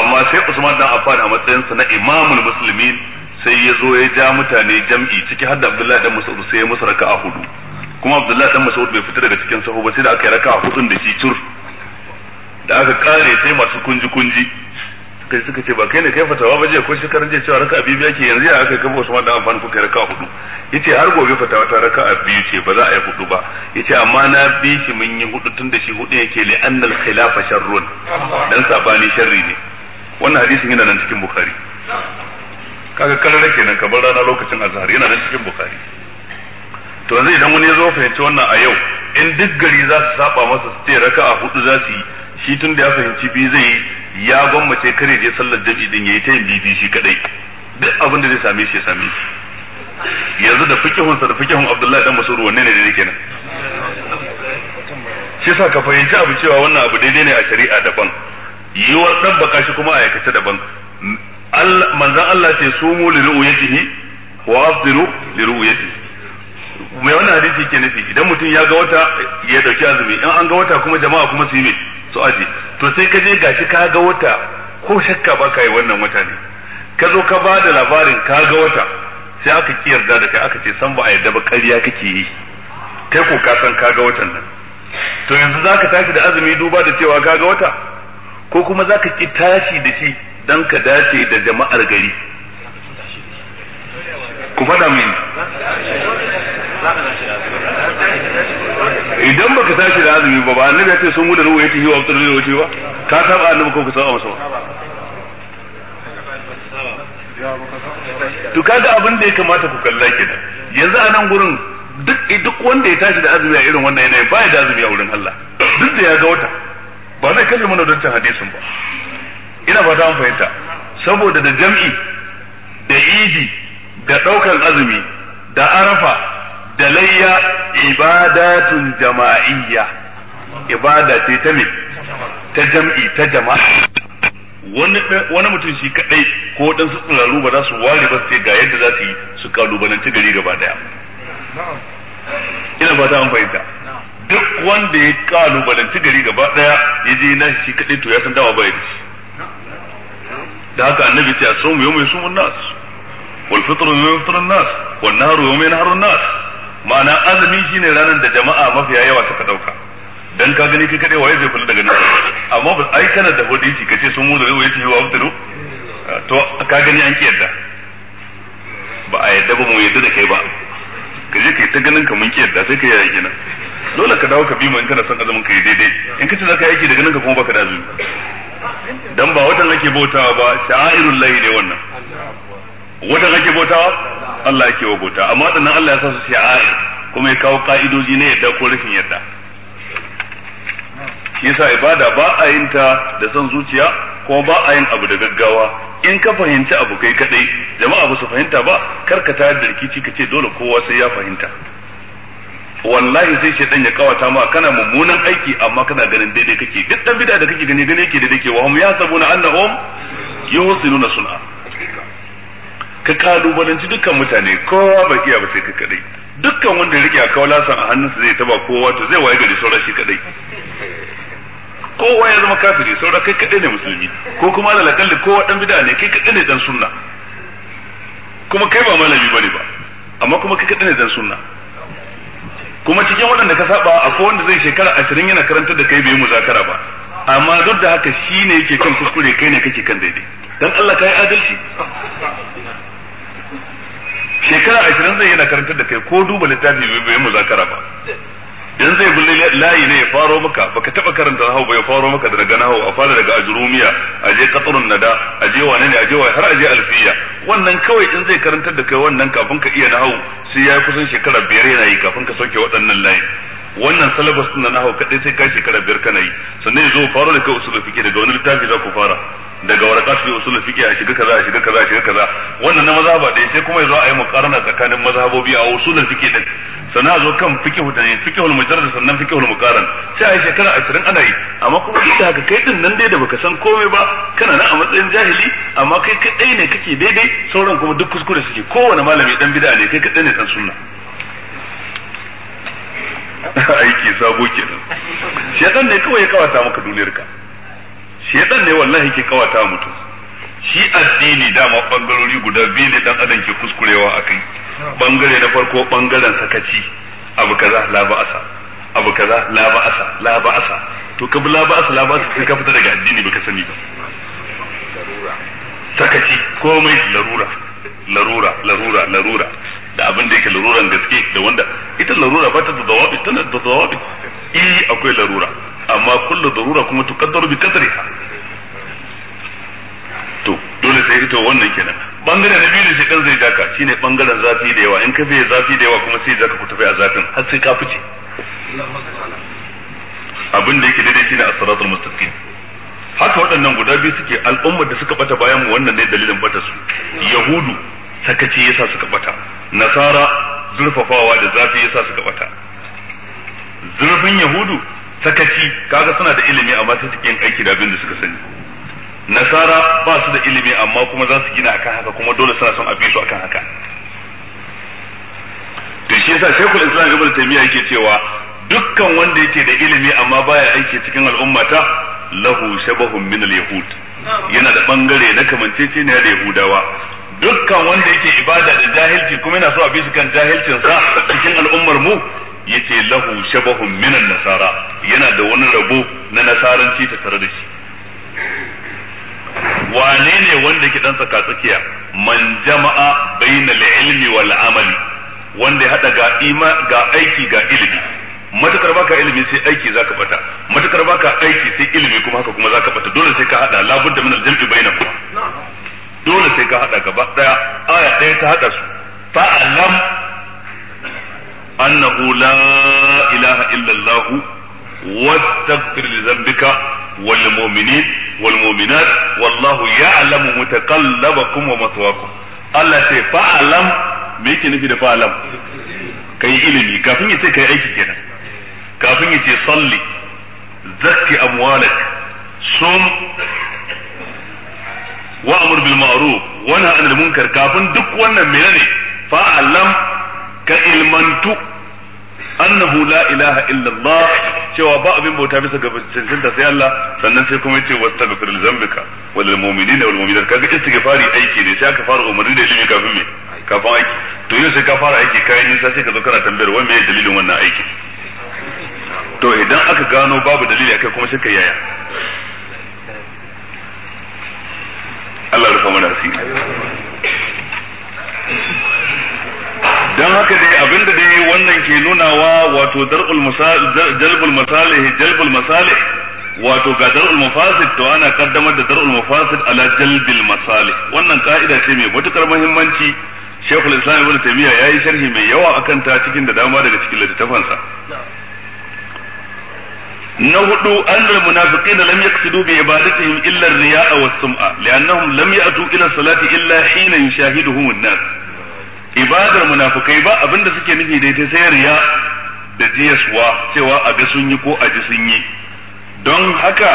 amma sai Usman dan Affan a matsayin sa na imamul muslimin sai ya zo ya ja mutane jam'i ciki har da Abdullahi dan Mas'ud sai ya musu raka'a hudu kuma abdullahi dan mas'ud bai fita daga cikin sahu ba sai da aka yi raka a hudun da shi tur da aka kare sai masu kunji kunji kai suka ce ba kai ne kai fatawa ba je ko shekarun je cewa raka biyu yake yanzu ya aka kaba Usman da amfani kuka raka hudu yace har gobe fatawa ta raka biyu ce ba za a yi hudu ba yace amma na bi shi mun yi hudu tun da shi hudu yake li annal khilafa sharrun dan sabani sharri ne wannan hadisin yana nan cikin bukhari kaga kalara kenan kamar rana lokacin azhar yana nan cikin bukhari to zai dan wani ya zo fahimci wannan a yau in duk gari za su saba masa su ce raka'a hudu za su yi shi tun da ya fahimci biyu zai yi ya gwammace kare je sallar jami'i din yayi ta yin bibi shi kadai duk abin da zai same shi ya same shi yanzu da fikihun sa da fikihun Abdullahi dan Mas'ud wanne ne daidai kenan shi sa ka fahimci abu cewa wannan abu daidai ne a shari'a daban yiwuwar dan baka shi kuma a aikace daban Allah manzon Allah ce sumu li ru'yatihi wa afdiru li mai wannan hadisi ke nufi idan mutum ya ga wata ya dauki azumi in an ga wata kuma jama'a kuma su yi mai su aji to sai ka je gashi ka ga wata ko shakka ba ka yi wannan wata ne ka zo ka ba da labarin ka ga wata sai aka ki yarda da kai aka ce san ba a yarda ba ƙarya kake yi kai ko ka san ka ga watan nan to yanzu za ka tashi da azumi duba da cewa ka ga wata ko kuma za ka ki tashi da shi don ka dace da jama'ar gari ku faɗa mini idan baka tashi da azumi ba ba annabi ya ce sun mu da ruwa ya tihi wa abdul da ce ba ka saba annabi ko ka saba masa ba to kaga abin da ya kamata ku kalla kenan yanzu a nan gurin duk duk wanda ya tashi da azumi a irin wannan yanayin ba ya da azumi a wurin Allah duk da ya ga wata ba zai kalli mana don hadisin ba ina ba ta fahimta saboda da jam'i da idi da daukan azumi da arafa dalayya ibadatun jama'iyya ibada ce ta me ta jam'i ta jama'a wani wani mutum shi kadai ko dan su tsiraru ba za su ware ba sai ga yadda za su yi su kalubalanci gari gaba daya ina fata an fahimta duk wanda ya kalubalanci gari gaba daya yaje na shi kadai to ya san dawa bai da shi da haka annabi ce a mu yau mai sumun nas wal fitru yau mai fitrun nas wan nahru yau mai nas ma'ana azumi shine ranar da jama'a mafiya yawa suka dauka dan ka gani kai kadai waye zai kula daga nan amma ba ai kana da hadisi kace sun mu da waye su wa abdu to ka gani an ki yadda ba a yadda ba mu yadda da kai ba ka je kai ta ganin ka mun ki yadda sai ka yi gina dole ka dawo ka bi mu in kana son azumin ka yi daidai in kace zaka yi daga nan ka kuma baka da azumi dan ba watan ake bautawa ba sha'irul layli ne wannan wata kake bautawa Allah yake wa bauta amma wadannan Allah ya sa su shi'a'ir kuma ya kawo ka'idoji na yadda ko rashin yadda shi yasa ibada ba a yin ta da son zuciya ko ba a yin abu da gaggawa in ka fahimci abu kai kadai jama'a ba su fahimta ba kar ka tayar da rikici ka ce dole kowa sai ya fahimta wallahi sai shi ɗan ya kawata ma kana mummunan aiki amma kana ganin daidai kake duk dan bid'a da kake gani gane yake da ke wa hum yasabuna annahum yuhsinuna sun'a ka kalubalanci dukkan mutane kowa ba iya ba sai ka kadai dukkan wanda rike a kawo lasan a hannunsa zai taba kowa to zai waye gari saura shi kadai kowa ya zama kafiri saura kai kadai ne musulmi ko kuma da alalakalli kowa dan bid'a ne kai kadai ne dan sunna kuma kai ba malami bane ba amma kuma kai kadai ne dan sunna kuma cikin waɗanda ka saba akwai wanda zai shekara ashirin yana karantar da kai bai muzakara ba amma duk da haka shi ne yake kan kuskure kai ne kake kan daidai dan Allah ka yi adalci shekara ashirin zai yana karantar da kai ko duba littafi bai bai muzakara ba idan zai bi layi ne ya faro maka baka taba karanta nahawu ba ya faro maka da daga nahawu a fara daga ajrumiya a je qatrun nada a je wane ne a je har a je alfiya wannan kawai in zai karantar da kai wannan kafin ka iya hau sai ya kusan shekara biyar yana yi kafin ka sauke waɗannan layi wannan salabas din na nahawu kadai sai ka shekara biyar kana yi sannan ya zo faro da kai usul fiqh daga wani littafi za ku fara daga warqat fi usul fiqi a shiga kaza a shiga kaza a shiga kaza wannan na mazhaba dai sai kuma yazo a yi muqarana tsakanin mazhabobi a usul fiqi din sana a zo kan fiqh da ne fiqhul mujarrad sannan fiqhul muqaran sai a yi shekara 20 ana yi amma kuma duk da haka kai din nan dai da baka san komai ba kana nan a matsayin jahili amma kai kadai ne kake daidai sauran kuma duk kuskure suke kowane malami dan bid'a ne kai kadai ne san sunna aiki sabo kenan shedan ne kawai ya kawata maka duniyarka dan ne wallahi ke kawata mutum shi addini dama bangarori guda biyu ne dan adam ke kuskurewa akai bangare na farko bangaren sakaci abu kaza la ba'asa abu kaza la ba'asa la ba'asa to ka la ba'asa la ba'asa sai ka fita daga addini baka sani ba sakaci komai larura larura larura larura da abin da yake laruran gaske da wanda ita larura ba ta da zawabi tana da zawabi eh akwai larura amma kullu darura kuma tuqaddaru bi kasriha to dole sai ita wannan kenan bangaren na biyu da shi dan zai daka shine bangaren zafi da yawa in ka fiye zafi da yawa kuma sai zaka ku tafi a zafin har sai ka fice abin da yake daidai shine as-siratul mustaqim haka waɗannan guda biyu suke al'ummar da suka bata bayan mu wannan ne dalilin bata su yahudu sakaci yasa suka bata nasara zurfafawa da zafi yasa suka bata zurfin yahudu sakaci kaga suna da ilimi amma sai suke yin aiki da abin da suka sani nasara ba su da ilimi amma kuma za su gina akan haka kuma dole suna son a su akan haka to shi yasa shekul islam ibnu taymiya yake cewa dukkan wanda yake da ilimi amma baya aiki cikin al'ummata lahu shabahun min al-yahud yana da bangare na kamanceceniya da yahudawa dukkan wanda yake ibada da jahilci kuma yana so a bi su kan jahilcin sa cikin al'ummar mu yace lahu shabahun minan nasara yana da wani rabo na nasaranci ta tare da shi wane ne wanda yake dan saka tsakiya man jama'a bainal ilmi wal amali wanda ya hada ga ima ga aiki ga ilimi matukar baka ilimi sai aiki zaka bata matukar baka aiki sai ilimi kuma haka kuma zaka bata dole sai ka hada labudda min aljam'i bainahuma dole sai ka hada gaba daya aya daya ta hada su alam annahu la ilaha illa Allah wastaghfir li dhanbika wal mu'minin wal mu'minat wa maswaakum Allah sai fa'alam me yake nufi da fa'alam kai ilimi kafin ya ce kai aiki kenan kafin ya ce salli Zaki amwalak sum wa amur bil ma'ruf wa nahy munkar kafin duk wannan menene fa'alam ka ilmantu annahu la ilaha illa Allah cewa ba abin bauta bisa ga cancin da sai Allah sannan sai kuma yace wastaghfir li dhanbika wal mu'minina wal mu'minat kaga istighfari aiki ne sai ka fara umarni da ilimi kafin me kafin aiki to yau sai ka fara aiki kayan nisa sai ka zo kana tambayar wai me dalilin wannan aiki to idan aka gano babu dalili akai kuma sai ka yaya Allah ya rufa mana asiri don haka dai abinda dai wannan ke nunawa wato dar'ul jalbul masalih jalbul masalih wato ga dar'ul to ana kaddamar da dar'ul mafasid ala jalbil masalih wannan ka'ida ce mai matukar muhimmanci Sheikhul Islam Ibn taymiya yayi sharhi mai yawa akan ta cikin da dama daga cikin sa na hudu annal munafiqin lam yaqsidu bi ibadatihim illa ar-riya'a was-sum'a li'annahum lam ya'tu ila salati illa hina yushahiduhum an-nas ibadar munafukai ba abinda suke nufi da ita sai riya da jiyaswa cewa a ga sun yi ko a ji sun yi don haka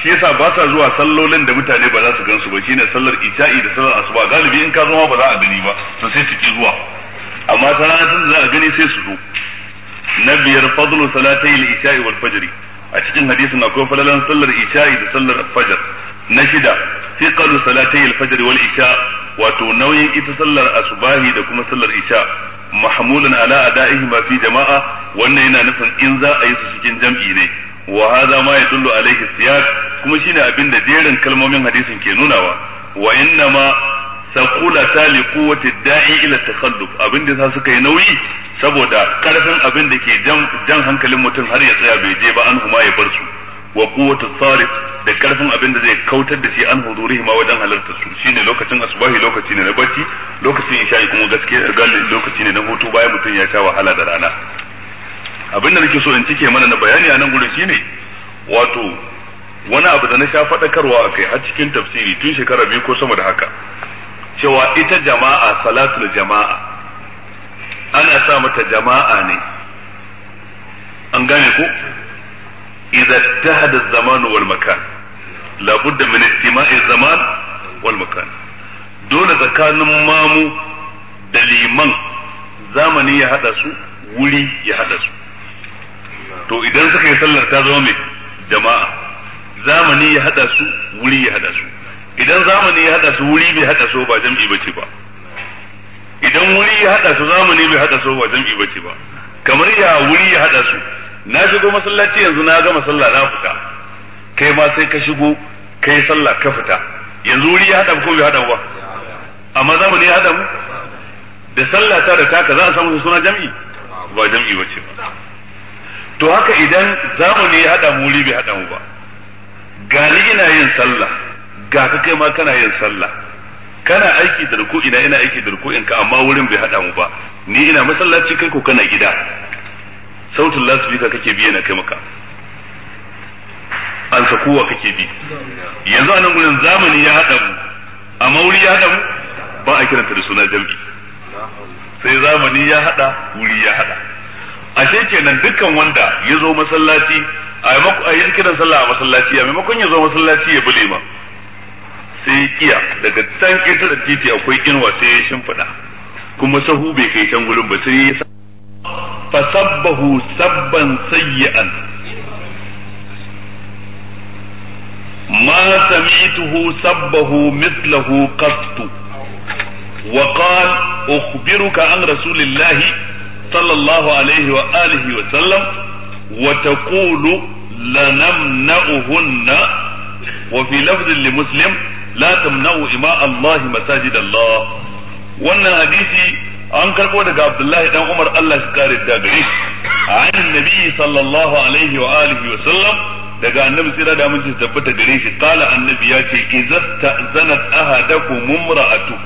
shi yasa ba sa zuwa sallolin da mutane ba za su gansu ba shine sallar isha'i da sallar asuba galibi in ka zama ba za a gani ba su sai su ki zuwa amma ta rana da za a gani sai su zo na biyar fadlu salatai al-isha'i wal fajr a cikin hadisin akwai falalan sallar isha'i da sallar fajr na shida fiqalu salatay al-fajr wal isha wato nauyin ita sallar asubahi da kuma sallar isha mahmulan ala adaihi ma fi jama'a wannan yana nufin in za a yi su cikin jam'i ne wa hadha ma yadullu alayhi siyaq kuma shine abin da jerin kalmomin hadisin ke nunawa wa inna ma saqulata li quwwati da'i ila takhalluf abin da suka yi nauyi saboda karfin abin da ke jan hankalin mutum har ya tsaya bai je ba an kuma ya bar su wa quwwatu sarif da karfin abin da zai kautar da shi an huzurihi ma wajen halarta su shine lokacin asubahi lokaci ne na bacci lokacin isha kuma gaskiya galin lokaci ne na hutu bayan mutum ya sha wahala da rana abin da nake so in cike mana na bayani a nan gurin shine wato wani abu da na sha faɗakarwa a kai a cikin tafsiri tun shekara biyu ko sama da haka cewa ita jama'a salatul jama'a ana sa mata jama'a ne an gane ko idza ijtahada az-zaman wal makan la budda min istima'i az-zaman wal makan dole tsakanin mamu da liman zamani ya hada su wuri ya haɗa su to idan suka yi sallar ta zama mai jama'a zamani ya haɗa su wuri ya haɗa su idan zamani ya haɗa su wuri bai haɗa su ba jam'i bace ba idan wuri ya haɗa su zamani bai haɗa su ba jam'i bace ba kamar ya wuri ya haɗa su na shigo masallaci yanzu na gama sallah na fita kai ma sai ka shigo kai sallah ka fita yanzu wuri ya hada ko bai hada ba amma za mu ne hada mu da sallah ta da taka za a samu suna jam'i ba jam'i wace ba to haka idan zamani ya hada mu wuri bai hada mu ba ga ni ina yin sallah ga ka kai ma kana yin sallah kana aiki da ruku'ina ina aiki da ka amma wurin bai hada mu ba ni ina masallaci kai ko kana gida sautin lasbika kake biya na kai maka an sakuwa kake bi yanzu a nan gudun zamani ya haɗa mu a mauri ya haɗa mu ba a kiranta da suna jam'i sai zamani ya haɗa wuri ya haɗa ashe kenan dukkan wanda ya zo masallaci a yi kiran sallah a masallaci a maimakon ya zo masallaci ya bude ma sai kiya daga can da titi akwai inuwa sai ya shimfiɗa kuma sahu bai kai can gurin ba sai ya فسبه سبا سيئا ما سمعته سبه مثله قط وقال أخبرك عن رسول الله صلى الله عليه وآله وسلم وتقول لنمنعهن وفي لفظ لمسلم لا تمنعوا إماء الله مساجد الله وان hadisi an karbo daga abdullahi dan umar Allah ya kare da a an nabi sallallahu alaihi wa alihi wa sallam daga annabi sai da mun tabbata gare shi kala annabi ya ce idza ta'zanat ahadakum mumra'atu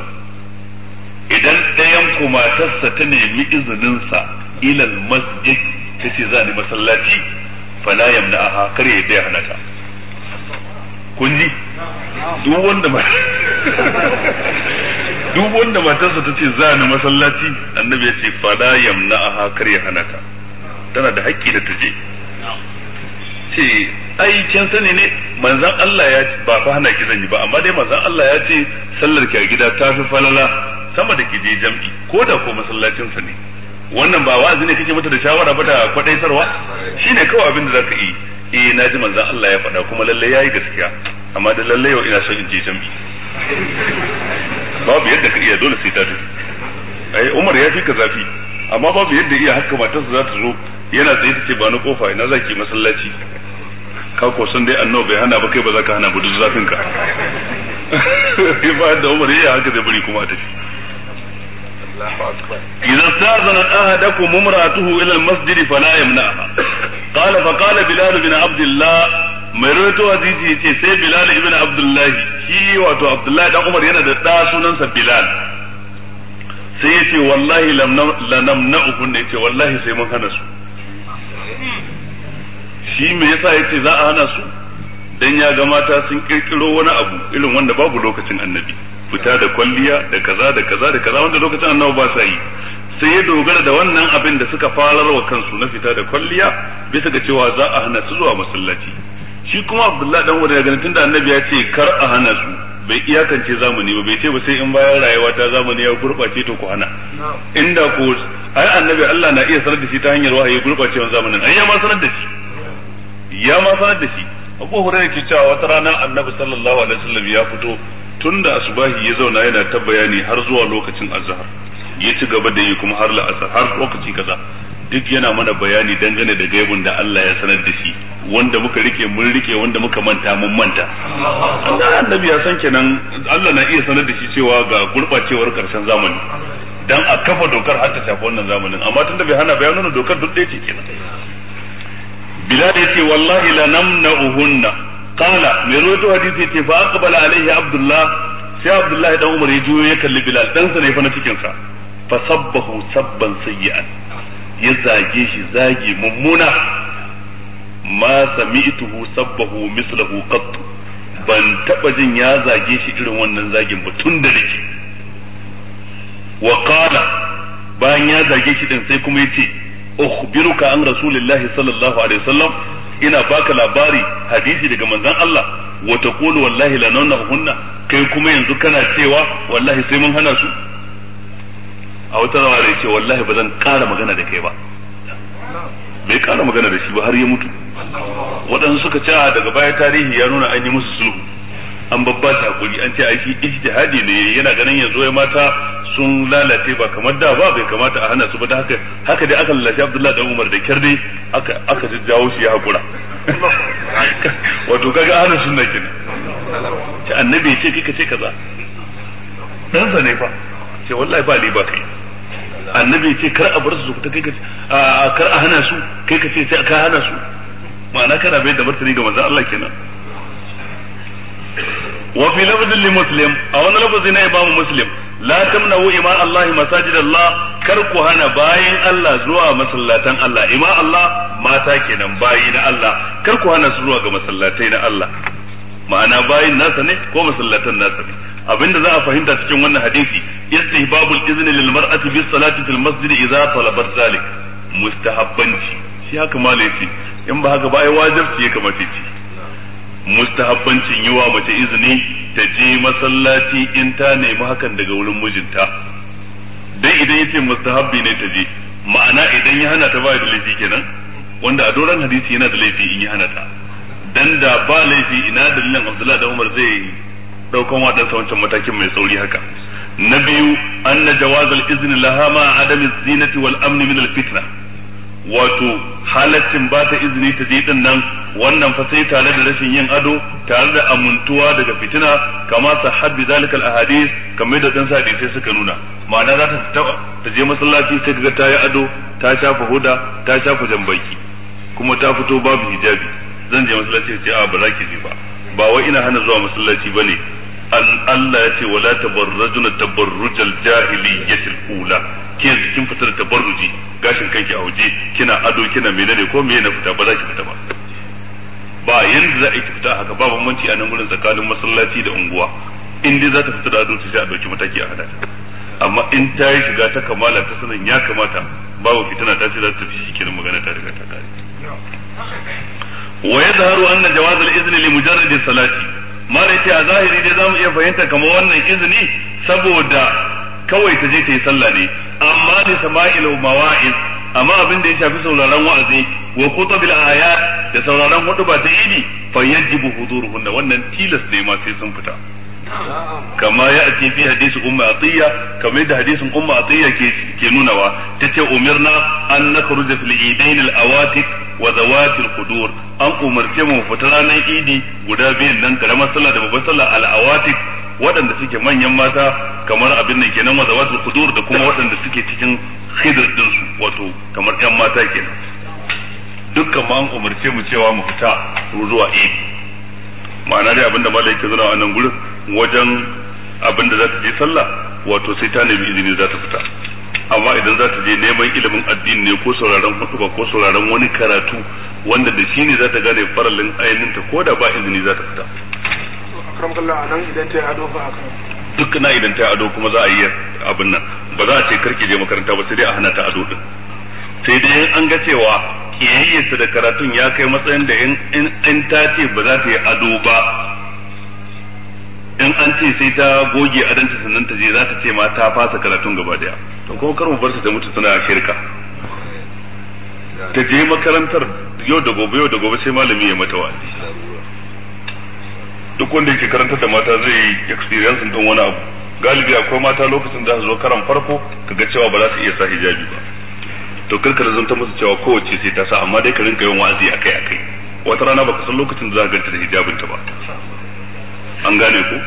idan ɗayan ku matarsa ta nemi izinin sa ila almasjid tace za ni masallaci fala yamna'aha kar ya dai hana ta kun ji duk wanda duk wanda matarsa ta ce za ni masallaci annabi ya ce fada yamna a kar ya hana ta tana da haƙƙi da ta je ce ai kin sani ne manzon Allah ya ce ba fa hana ki zanyi ba amma dai manzon Allah ya ce sallar ki a gida ta fi falala sama da ki je jam'i ko da ko masallacin sa ne wannan ba wa'azi ne kake mata da shawara ba da kwadaitarwa shine kawai abin da zaka yi eh na ji manzon Allah ya faɗa kuma lalle yayi gaskiya amma da lalle yau ina son in je jam'i babu yadda ka iya dole sai ta tafi ai Umar ya fi ka zafi amma babu yadda iya haka matarsa za ta zo yana tsaye ta ce ba na kofa ina za ki masallaci ka ko san dai annabi bai hana ba kai ba za ka hana ba duk zafin ka ba da Umar ya haka zai bari kuma a tafi إذا استأذنت أحدكم امرأته إلى المسجد فلا يمنعها قال فقال بلال بن عبد الله mai rawaito sai Bilal ibn Abdullah shi wato dan Umar yana da da sunansa Bilal sai yace wallahi ne wallahi sai mun hana su shi me yasa yace za a hana su dan ya ga mata sun kirkiro wani abu irin wanda babu lokacin annabi fita da kwalliya da kaza da kaza da kaza wanda lokacin annabi ba sa yi sai ya dogara da wannan abin da suka farar wa kansu na fita da kwalliya bisa ga cewa za a hana su zuwa masallaci shi kuma abdullahi dan wani ganin tunda annabi ya ce kar a hana su bai iyakance zamani ba bai ce ba sai in bayan rayuwa ta zamani ya gurbace to ku hana inda ko ai annabi Allah na iya sanar da shi ta hanyar wahayi wannan zamanin ai ya ma sanar da shi ya ma sanar da shi Abu Hurairah ke cewa wata rana Annabi sallallahu alaihi wasallam ya fito tun da asubahi ya zauna yana ta bayani har zuwa lokacin azhar ya ci gaba da yi kuma har la'asar har lokaci kaza duk yana mana bayani dangane da gaibun da Allah ya sanar da shi wanda muka rike mun rike wanda muka manta mun manta Allah annabi ya san kenan Allah na iya sanar da shi cewa ga gurbacewar karshen zamani dan a kafa dokar har ta shafi wannan zamanin amma tun da bai hana bayan nuna dokar duk ɗaya ce kenan Bilal ya ce wallahi la namna'uhunna qala mai rawaito hadisi ce fa aqbala alaihi abdullah sai abdullah dan umar ya juyo ya kalli bilal dan sa ne fa na cikin sa fa sabbahu sabban sayyi'an ya zage shi zage mummuna ma sami'tuhu sabbahu mislahu qattu ban taba jin ya zage shi irin wannan zagin ba tun da nake wa bayan ya zage shi ɗin sai kuma yace ukhbiruka an rasulillahi sallallahu alaihi wasallam ina baka labari hadisi daga manzon Allah wa taqulu wallahi la hunna kai kuma yanzu kana cewa wallahi sai mun hana su a wata rawa da yace wallahi ba zan kara magana da kai ba bai kara magana da shi ba har ya mutu waɗansu suka ce daga baya tarihi ya nuna an yi musu sulhu an babba ta hakuri an ce ai shi ijtihadi ne yana ganin yanzu ya mata sun lalace ba kamar da ba bai kamata a hana su ba haka haka dai aka lalace Abdullahi dan Umar da kyar dai aka aka jawo shi ya hakura wato kaga ahlus sunna kenan ce annabi ya ce kika ce kaza dan sa ne fa ce wallahi ba ni ba kai annabi ya ce kar a bar su ta kai kace a kar a hana su kai kace sai ka hana su ma'ana kana bai da martani ga manzon Allah kenan Wafi fi lafzin li a wani lafazi na imamu muslim la tamna'u ima Allah masajid kar ku hana bayin Allah zuwa masallatan Allah ima Allah mata kenan bayi na Allah kar ku hana su zuwa ga masallatai na Allah ma'ana bayin nasa ne ko masallatan nasa ne abinda za a fahimta cikin wannan hadisi istihbabul izni lil mar'ati bis salati fil masjid idza talabat zalik mustahabbanci shi haka malai in ba haka ba ai wajibci ya kamace ci mustahabbancin yi wa mace izini ta je masallaci in ta nemi hakan daga wurin mijinta dan idan yace mustahabbi ne ta je ma'ana idan ya hana ta ba da laifi kenan wanda a doran hadisi yana da laifi in ya hana ta dan da ba laifi ina dalilin Abdullahi da Umar zai daukan wadan wancan matakin mai sauri haka na biyu anna jawazal izni laha ma adami zinati wal amni min al fitna wato halaccin ba ta izini ta je din nan wannan fa sai tare da rashin yin ado tare da amintuwa daga fitina kama habbi zalika al ahadith kamar da dan sadi sai suka nuna ma'ana za ta ta je masallaci sai ga ta yi ado ta shafa huda ta shafa jambaki kuma ta fito babu hijabi zan je masallaci ce a ba za ki je ba ba wai ina hana zuwa masallaci bane Allah ya ce wala tabarrajuna tabarrujal jahiliyyatil ula ke kin fita da tabarruji gashin kanki a waje kina ado kina menene ko me na fita ba za ki fita ba ba yanda za a yi fita haka ba bambanci a nan gurin tsakanin masallaci da unguwa in dai za ta fita da ado ta sai a dauki mataki a hada amma in ta yi shiga ta kamala ta sanin ya kamata babu fitina ta ce za ta tafi shi kenan magana ta daga ta kare wa yadharu anna jawaz al-izni li mujarrad salati mara yake a zahiri dai za mu iya fahimta kamar wannan izini saboda kawai ta je ta yi sallah ne amma da sama'il mawa'iz amma abin da ya shafi sauraron wa'azi wa kutubil ayat da sauraron hudu ba ta idi fa yajibu hunda wannan tilas ne ma sai sun fita kama ya ake fi hadisi umma atiya kama yadda hadisin umma atiya ke ke nunawa tace umirna an nakhruja fil idain al awatik wa zawat al an umarce mu fita ranar idi guda biyan nan karamar sallah da babbar sallah al awatik waɗanda suke manyan mata kamar abin nan kenan wa zawatul qudur da kuma waɗanda suke cikin khidr dinsu su wato kamar ƴan mata kenan dukkan ma an umarce mu cewa mu fita zuwa ma'ana dai abinda da yake zuna a nan gurin wajen abinda za ta je sallah wato sai ta nemi izini za ta fita amma idan za ta je neman ilimin addini ne ko sauraron hutuba ko sauraron wani karatu wanda da shi ne za ta gane faralin ainihin ta ko da ba izini za ta fita duk na idan ta ado kuma za a yi abin nan ba za a ce karki je makaranta ba sai dai a hana ta ado din sai dai an ga cewa kiyayyarsa da karatun ya kai matsayin da in ta ce ba za ta yi ado ba in an ce sai ta goge adanta sannan ta je za ta ce ma ta fasa karatun gaba daya to kuma kar mu bar ta mutu suna shirka ta je makarantar yau da gobe yau da gobe sai malami ya mata wa'azi duk wanda yake karantar da mata zai yi experience din wani abu galibi akwai mata lokacin da su zo karan farko kaga cewa ba za su iya sa hijabi ba to karka ta musu cewa kowace sai ta sa amma dai ka rinka yin wa'azi akai akai wata rana baka san lokacin da za ka ganta da hijabin ta ba an gane ku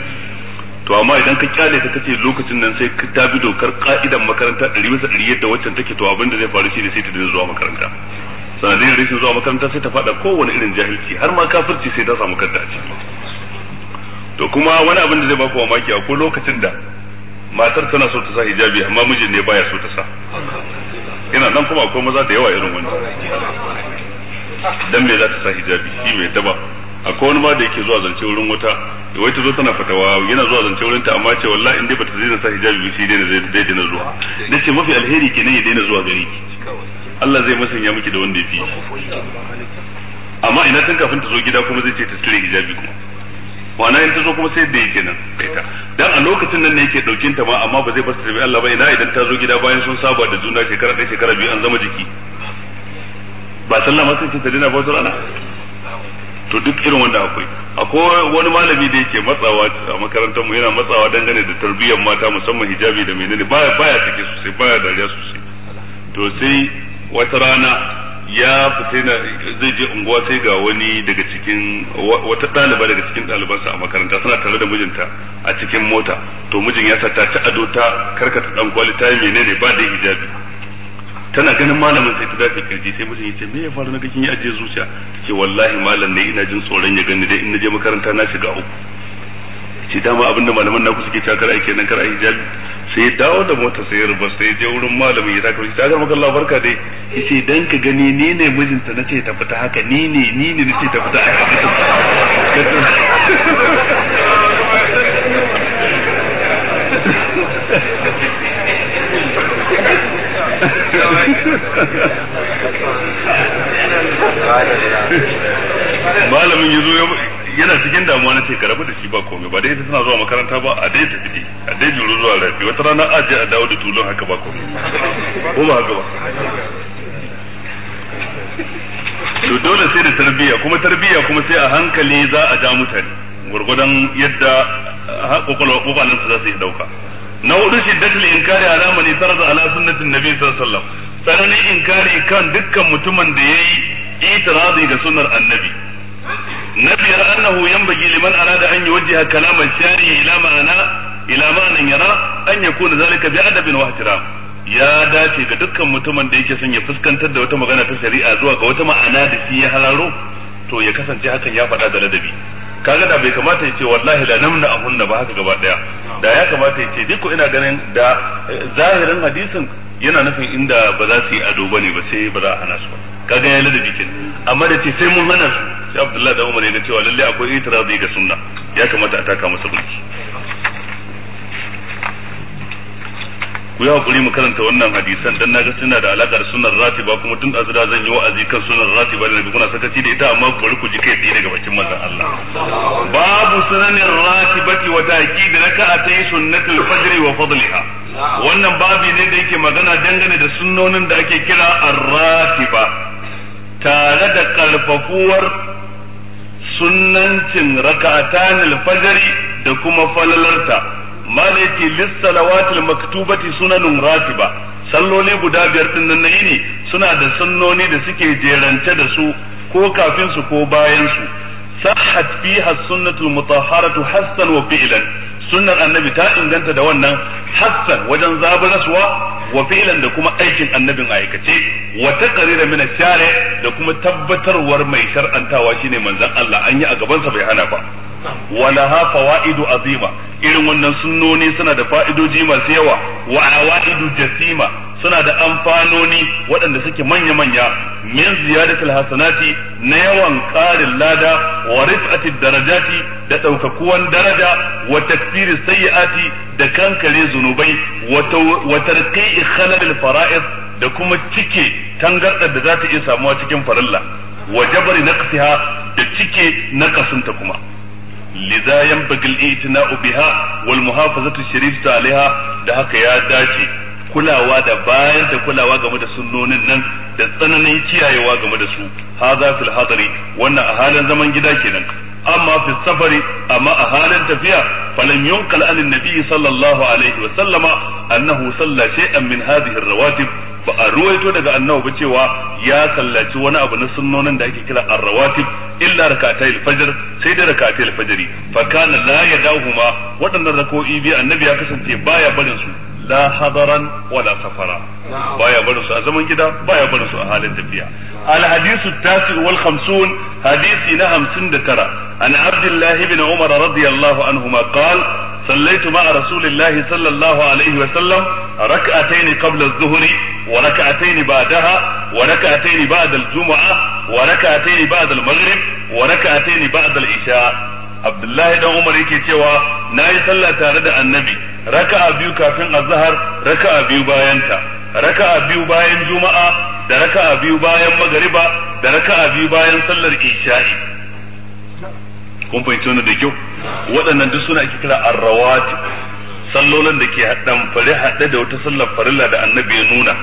to amma idan ka kyale ta kace lokacin nan sai ta bi dokar ka'idan makaranta ɗari bisa ɗari yadda waccan take to abin da zai faru shi ne sai ta dinga zuwa makaranta sanadiyar rashin zuwa makaranta sai ta faɗa kowane irin jahilci har ma kafirci sai ta samu kanta a ciki to kuma wani abin da zai baku mamaki a ko lokacin da matar tana so ta sa hijabi amma mijin ne baya so ta sa yana nan kuma akwai maza da yawa irin wani dan me za ta sa hijabi shi mai daba akwai wani ma da yake zuwa zance wurin wata wai ta zo tana fatawa yana zuwa zance wurin ta amma ce wallahi in dai bata daina sa hijabi shi dai ne zai daina zuwa da ce mafi alheri kenan ya daina zuwa gari Allah zai masanya miki da wanda ya fi amma ina tun kafin ta zo gida kuma zai ce ta tsire hijabi kuma ma'ana in ta zo kuma sai da yake nan ita dan a lokacin nan ne yake daukin ta ma amma ba zai bar ta Allah ba ina idan ta zo gida bayan sun saba da juna shekara ɗaya shekara biyu an zama jiki ba sallama sai ce ta dina ba rana to duk irin wanda akwai akwai wani malami da yake matsawa a makarantar mu yana matsawa dangane da tarbiyyar mata musamman hijabi da menene baya baya take sosai baya dariya sosai to sai wata rana ya fita yana zai je unguwa sai ga wani daga cikin wata ɗaliba daga cikin ɗalibansa a makaranta suna tare da mijinta a cikin mota to mijin ya sa ta ado ta karkata dan kwali ta yi menene ba da hijabi tana ganin malamin sai ta dace kirji sai mijin ya ce me ya faru na kakin ya ajiye zuciya ce wallahi malam ne ina jin tsoron ya gani dai in na je makaranta na shiga uku ce dama abinda malaman naku suke cewa kar ai nan kar ai hijabi sai ya dawo da mota sai ya rubar sai ya je wurin malami ya taka shi ta maka Allah barka dai yace dan ka gani ni ne mijinta nace ta fita haka ni ne ni ne nace ta fita malamin ya ya yana cikin damuwa na ce ba da shi ba komai ba dai suna zuwa makaranta ba a dai tafi a dai juru zuwa rafi wata rana a je a dawo da tulun haka ba komai ko ba haka ba to dole sai da tarbiyya kuma tarbiyya kuma sai a hankali za a ja mutane gurgudan yadda kokolwa kokolin su za su yi dauka na hudu shiddatul inkari alama ne sarrafa ala sunnatin nabi sallallahu alaihi wasallam sanani inkari kan dukkan mutumin da yayi itirazi ga sunnar annabi na biyar annahu yanbaghi liman arada an yuwajjiha kalam al-shari ila ma'ana ila ma'anan yara an yakuna zalika bi adabin wa ihtiram ya dace ga dukkan mutumin da yake son ya fuskantar da wata magana ta shari'a zuwa ga wata ma'ana da shi ya hararo to ya kasance hakan ya faɗa da ladabi kaga da bai kamata ya ce wallahi la namna ahunna ba haka gaba daya da ya kamata ya ce duk ina ganin da eh, zahirin hadisin yana nufin inda ba za su yi ado bane ba sai ba za a hana su ba kaga ya ladabi kin amma da ce sai mun hana su sai abdullah da Umar ya ga cewa lalle akwai itirazi ga sunna ya kamata a taka masa bulki ku yi hakuri mu karanta wannan hadisan dan naga suna da alaka da sunnar ratiba kuma tun azra zan yi wa'azi kan sunnar ratiba da kuna sakaci da ita amma bari ku ji kai tsaye daga bakin manzon Allah babu sunanin ratibati wa ta'kid raka'atay sunnatul fajr wa fadliha wannan babu ne da yake magana dangane da sunnonin da ake kira ar-ratiba tare da karfafuwar sunnancin raka'atan Fajari da kuma falalarta malaki lis-salawatil maktubati sunanun ratiba salloli guda biyar din nan ne suna da sunnoni da suke jerance da su ko kafin su ko bayan su sahhat fiha sunnatul mutahharatu hasan wa fi'lan sunnar annabi ta inganta da wannan hassan wajen zabaraswa wa fi'lan da kuma aikin annabin aikace wa taqrira min ash-shari' da kuma tabbatarwar mai shar'antawa shine manzon Allah an yi a gaban sa bai hana ba Wala laha fawaidu azima irin wannan sunnoni suna da fa'idoji masu yawa wa awaidu jasima suna da amfanoni waɗanda suke manya-manya min ziyadatul hasanati na yawan ƙarin lada wa rif'ati darajati da ɗaukakuwan daraja wa takfiri sayyi'ati da kankare zunubai wa tarqi'i khalalil fara'id da kuma cike tangardar da zata iya samuwa cikin farilla wajabari jabari naqsiha da cike na kasunta kuma لذا ينبغي الاعتناء بها والمحافظة الشريفة عليها da haka ya dace kulawa da bayan da kulawa game da sunnonin nan da tsananin kiyayewa game da su haza fil hadari a halin zaman gida kenan amma fi safari amma a halin tafiya falam yunqal an annabi sallallahu alaihi wa sallama annahu salla shay'an min hadhihi ar-rawatib ba a ruwaito daga annabi ba cewa ya sallaci wani abu na sunnonin da ake kira ar-rawatib illa rakatai al-fajr sai da rakatai al-fajri fa kana la yadahuma waɗannan rak'o'i biyu annabi ya kasance baya barin su la hadaran wala safara baya barin su a zaman gida baya barin su a halin tafiya al hadisu tasi wal hadisi na 59 an Abdullahi ibn umar radiyallahu anhuma qala sallaitu ma'a rasulillahi sallallahu alaihi wa sallam rak'atayn qabla adh-dhuhri wa rak'atayn ba'daha wa rak'atayn ba'da al-jum'a wa rak'atayn ba'da al-maghrib wa rak'atayn ba'da isha Abdullahi dan Umar yake cewa yi sallah tare da Annabi raka'a biyu kafin azhar raka'a biyu bayanta raka'a biyu bayan juma'a da raka'a biyu bayan magariba da raka'a biyu bayan sallar isha'i kun da kyau waɗannan duk suna ake kira arrawati sallolin da ke haɗan fari haɗe da wata sallar farilla da annabi ya nuna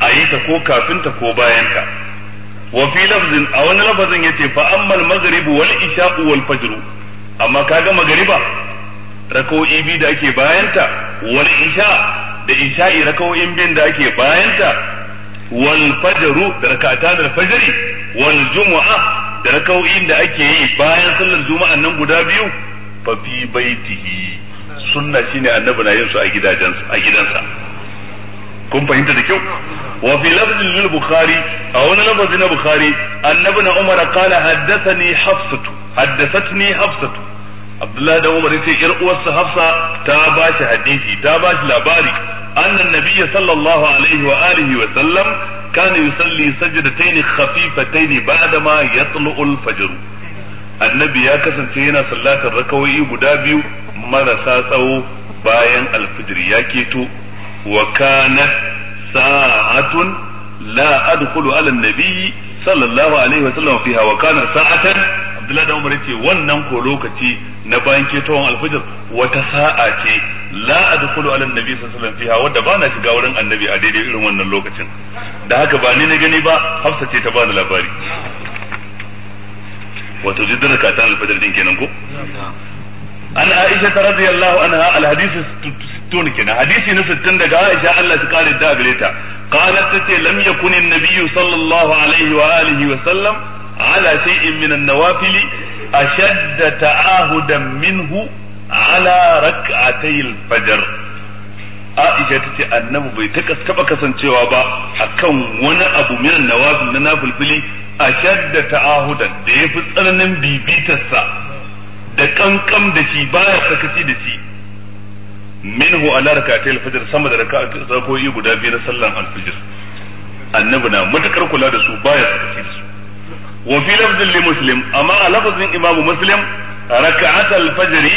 a yi ta ko kafin ta ko bayan ta wa fi lafzin a wani lafazin ce fa ammal maghrib wal isha'u wal fajr amma kaga magariba rakawo'i biyu da ake ta wal isha da isha'i rakawo'in bin da ake bayanta wal fajru da rakata da fajri wal jumu'a da raka'o'in da ake yi bayan sallar juma'an nan guda biyu fa fi baitihi sunna shine annabi na yin a gidajensa a gidansa kun fahimta da kyau wa fi lafzin lil bukhari a wani lafzin na bukhari annabi na umar qala haddathani hafsatu haddathatni hafsatu abdullahi da umar yace yar uwarsa hafsa ta ba shi hadisi ta ba shi labari annan nabiyyi sallallahu alaihi wa alihi wa sallam kana yusalli sajdatayn khafifatayn ba'da ma yatlu'ul fajr annabi ya kasance yana sallatar rakawoyi guda biyu marasa tsawo bayan alfijir ya keto wa kanat sa'atun la adkhulu ala sallallahu alaihi wa sallam fiha wa kanat sa'atan abdullahi da umar yace wannan ko lokaci na bayan ketawan alfajir wata sa'a ce la adkhulu ala annabi sallallahu alaihi wasallam fiha ba na shiga wurin annabi a daidai irin wannan lokacin da haka ba ni na gani ba hafsa ce ta ba ni labari wato jiddar rakatan alfajir din kenan ko an aisha radiyallahu anha alhadith 60 kenan hadisi na 60 daga aisha Allah ta kare da gare ta qalat tace lam yakun an-nabiy sallallahu alaihi wa wa sallam ala shay'in min an-nawafil ashadda ta'ahudan minhu ala rak'atay al-fajr Aisha ta ce annabi bai ta taba kasancewa ba a kan wani abu min nawafil na nafilfili a shan da da ya fi tsananin bibitarsa da kankan da shi ba baya sakaci da shi minhu ala rak'atay al fajar sama da raka rak'atay zakoyi guda biyu na sallan al annabi na matakar kula da su ba baya sakaci da su wa fi lafzin muslim amma a lafazin imamu muslim raka'at al-fajr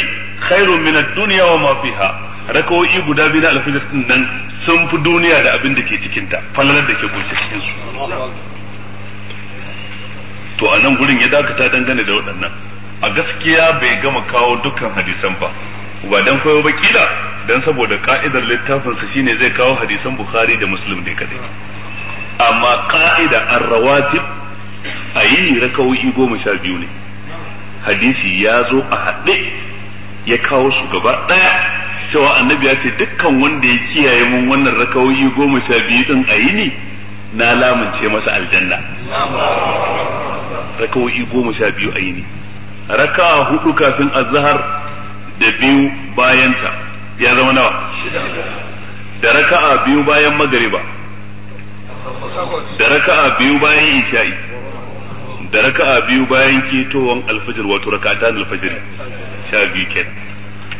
khairun min ad-dunya wa ma fiha rakawoyi guda biyu na alfajir din nan sun fi duniya da abin da ke cikinta falalar da ke gunce cikin su to a nan gurin ya dakata dangane da waɗannan a gaskiya bai gama kawo dukkan hadisan ba ba dan koyo ba kila dan saboda ƙa'idar littafinsa sa shine zai kawo hadisan bukhari da muslim kadai amma ka'ida ar-rawatib yi rakawoyi goma sha biyu ne hadisi ya zo a haɗe ya kawo su gaba ɗaya cewa annabi ya ce dukkan wanda ya kiyaye mun wannan rakawoyi goma sha biyu din a yini na lamunce masa aljanna rakawoyi goma sha biyu a yini raka hudu kafin azhar da biyu bayanta ya zama nawa da raka'a biyu bayan magariba da raka'a biyu bayan isha'i da raka'a biyu bayan ketowan alfajir wato rakatan alfajir sha biyu ken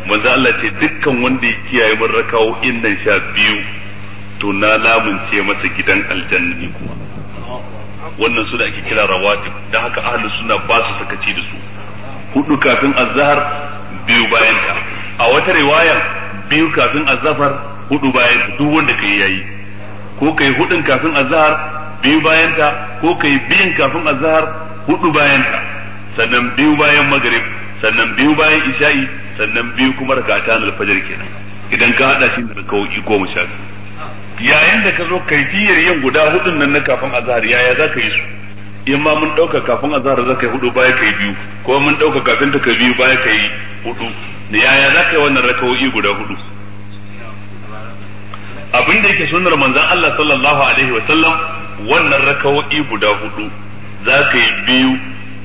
manzo Allah ce dukkan wanda ya kiyaye mun rakawo innan sha biyu to na lamunce masa gidan aljanna kuma wannan su da ake kira rawatib dan haka ahlus sunna ba su sakaci da su hudu kafin azhar biyu bayan ka a wata riwaya biyu kafin azhar hudu bayan duk wanda kai yayi ko kai hudun kafin azhar biyu bayan ta ko kai biyan kafin azhar hudu bayan ta sannan biyu bayan magrib sannan biyu bayan isha'i sannan biyu kuma rak'atan al-fajr kenan idan ka hada shi da rakawi goma sha yayin da ka zo kaifiyar yin guda hudun nan na kafin azhar yaya za ka yi su in ma mun dauka kafin azhar za ka yi hudu baya kai biyu ko mun dauka kafin ta kai biyu baya kai hudu ne yaya za ka yi wannan rakawoyi guda hudu abin da yake sunnar manzon Allah sallallahu alaihi wa sallam wannan rakawo'i guda hudu za ka yi biyu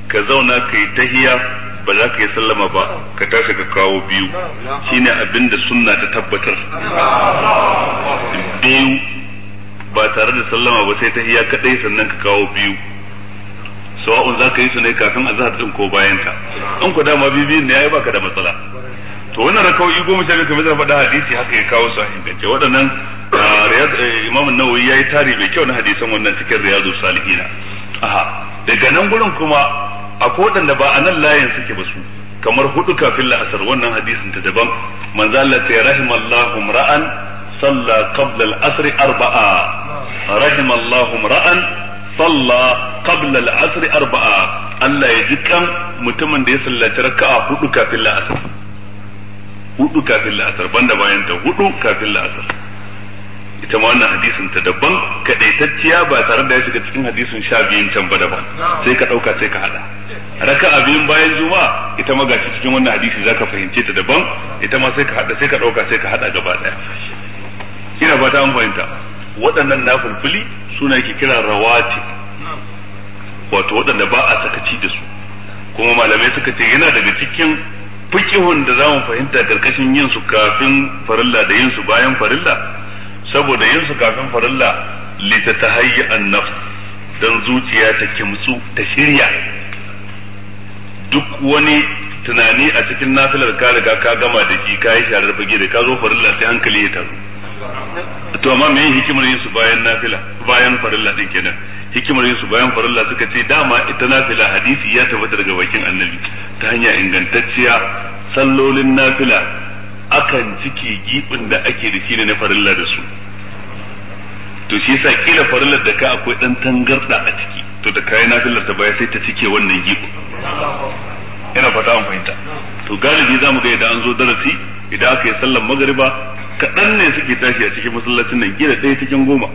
ka zauna ka yi tahiya ba za ka yi sallama ba ka tashi ka kawo biyu shine abin da sunna ta tabbatar biyu ba tare da sallama ba sai tahiya kadai sannan ka kawo biyu sawa'un za ka yi su ne kafin a zahar ko bayan ka in ku dama bibiyun ne yi baka da matsala to wannan rakawi goma sha biyu kamar da faɗa hadisi haka ya kawo su a ingance waɗannan Eh, imam an ya yi tari mai kyau na hadisan wannan cikin riyadu salihina aha daga nan gurin kuma akwai waɗanda ba a nan layin suke ba su kamar hudu kafin la'asar wannan hadisin ta daban manzo ta rahimallahu ra'an salla qabla al-asr arba'a rahimallahu ra'an salla qabla al-asr arba'a Allah ya ji kan mutumin da ya sallaci raka'a hudu kafin la'asar hudu kafin la'asar banda bayan ta hudu kafin la'asar ita ma wannan hadisin ta daban kadaitacciya ba tare da ya shiga cikin hadisin sha biyun can ba daban sai ka dauka sai ka hada a biyun bayan juma ita ma gashi cikin wannan hadisi zaka fahimce ta daban ita ma sai ka hada sai ka dauka sai ka hada gaba daya ina fata an fahimta waɗannan nafulfuli suna yake kira rawati wato waɗanda ba a sakaci da su kuma malamai suka ce yana daga cikin fikihun da za mu fahimta karkashin yin su kafin farilla da yin su bayan farilla saboda yin su kafin farilla litatahayya an-nafs don zuciya ta kimtsu ta shirya duk wani tunani a cikin nafilar ka riga ka gama da ki ka yi sharar fage da ka zo farilla sai hankali ya taru to amma me hikimar yin su bayan nafila bayan farilla din kenan hikimar yin su bayan farilla suka ce dama ita nafila hadisi ya tabbata daga bakin annabi ta hanya ingantacciya sallolin nafila akan ciki gibin da ake da shi ne na farilla da su to shi yasa kila farillar da ka akwai dan tangarda a ciki to da kai nafilar ta baya sai ta cike wannan giko ina fata an fahimta to galibi zamu ga idan an zo darasi idan aka yi sallar magariba kaɗan ne suke tashi a cikin masallacin nan gida ɗaya cikin goma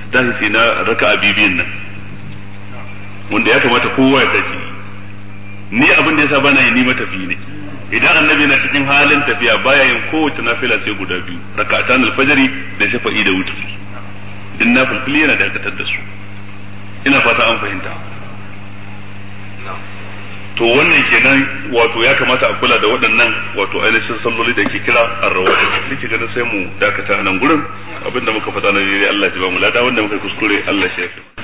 su tashi sai na raka a nan wanda ya kamata kowa ya tashi ni abin da yasa bana yi ni matafi ne idan annabi na cikin halin tafiya baya yin kowace nafila sai guda biyu raka'atan nalfajari da shafa'i da wutri dinna na fulfili yana dakatar da su ina fata an fahimta to wannan kenan wato ya kamata a kula da waɗannan wato ainihin salloli da ke kira a arrawaji nake ganin sai mu dakata nan gurin abinda muka fata na daidai Allah ya ba mu lada wanda muka kuskure Allah ya shafe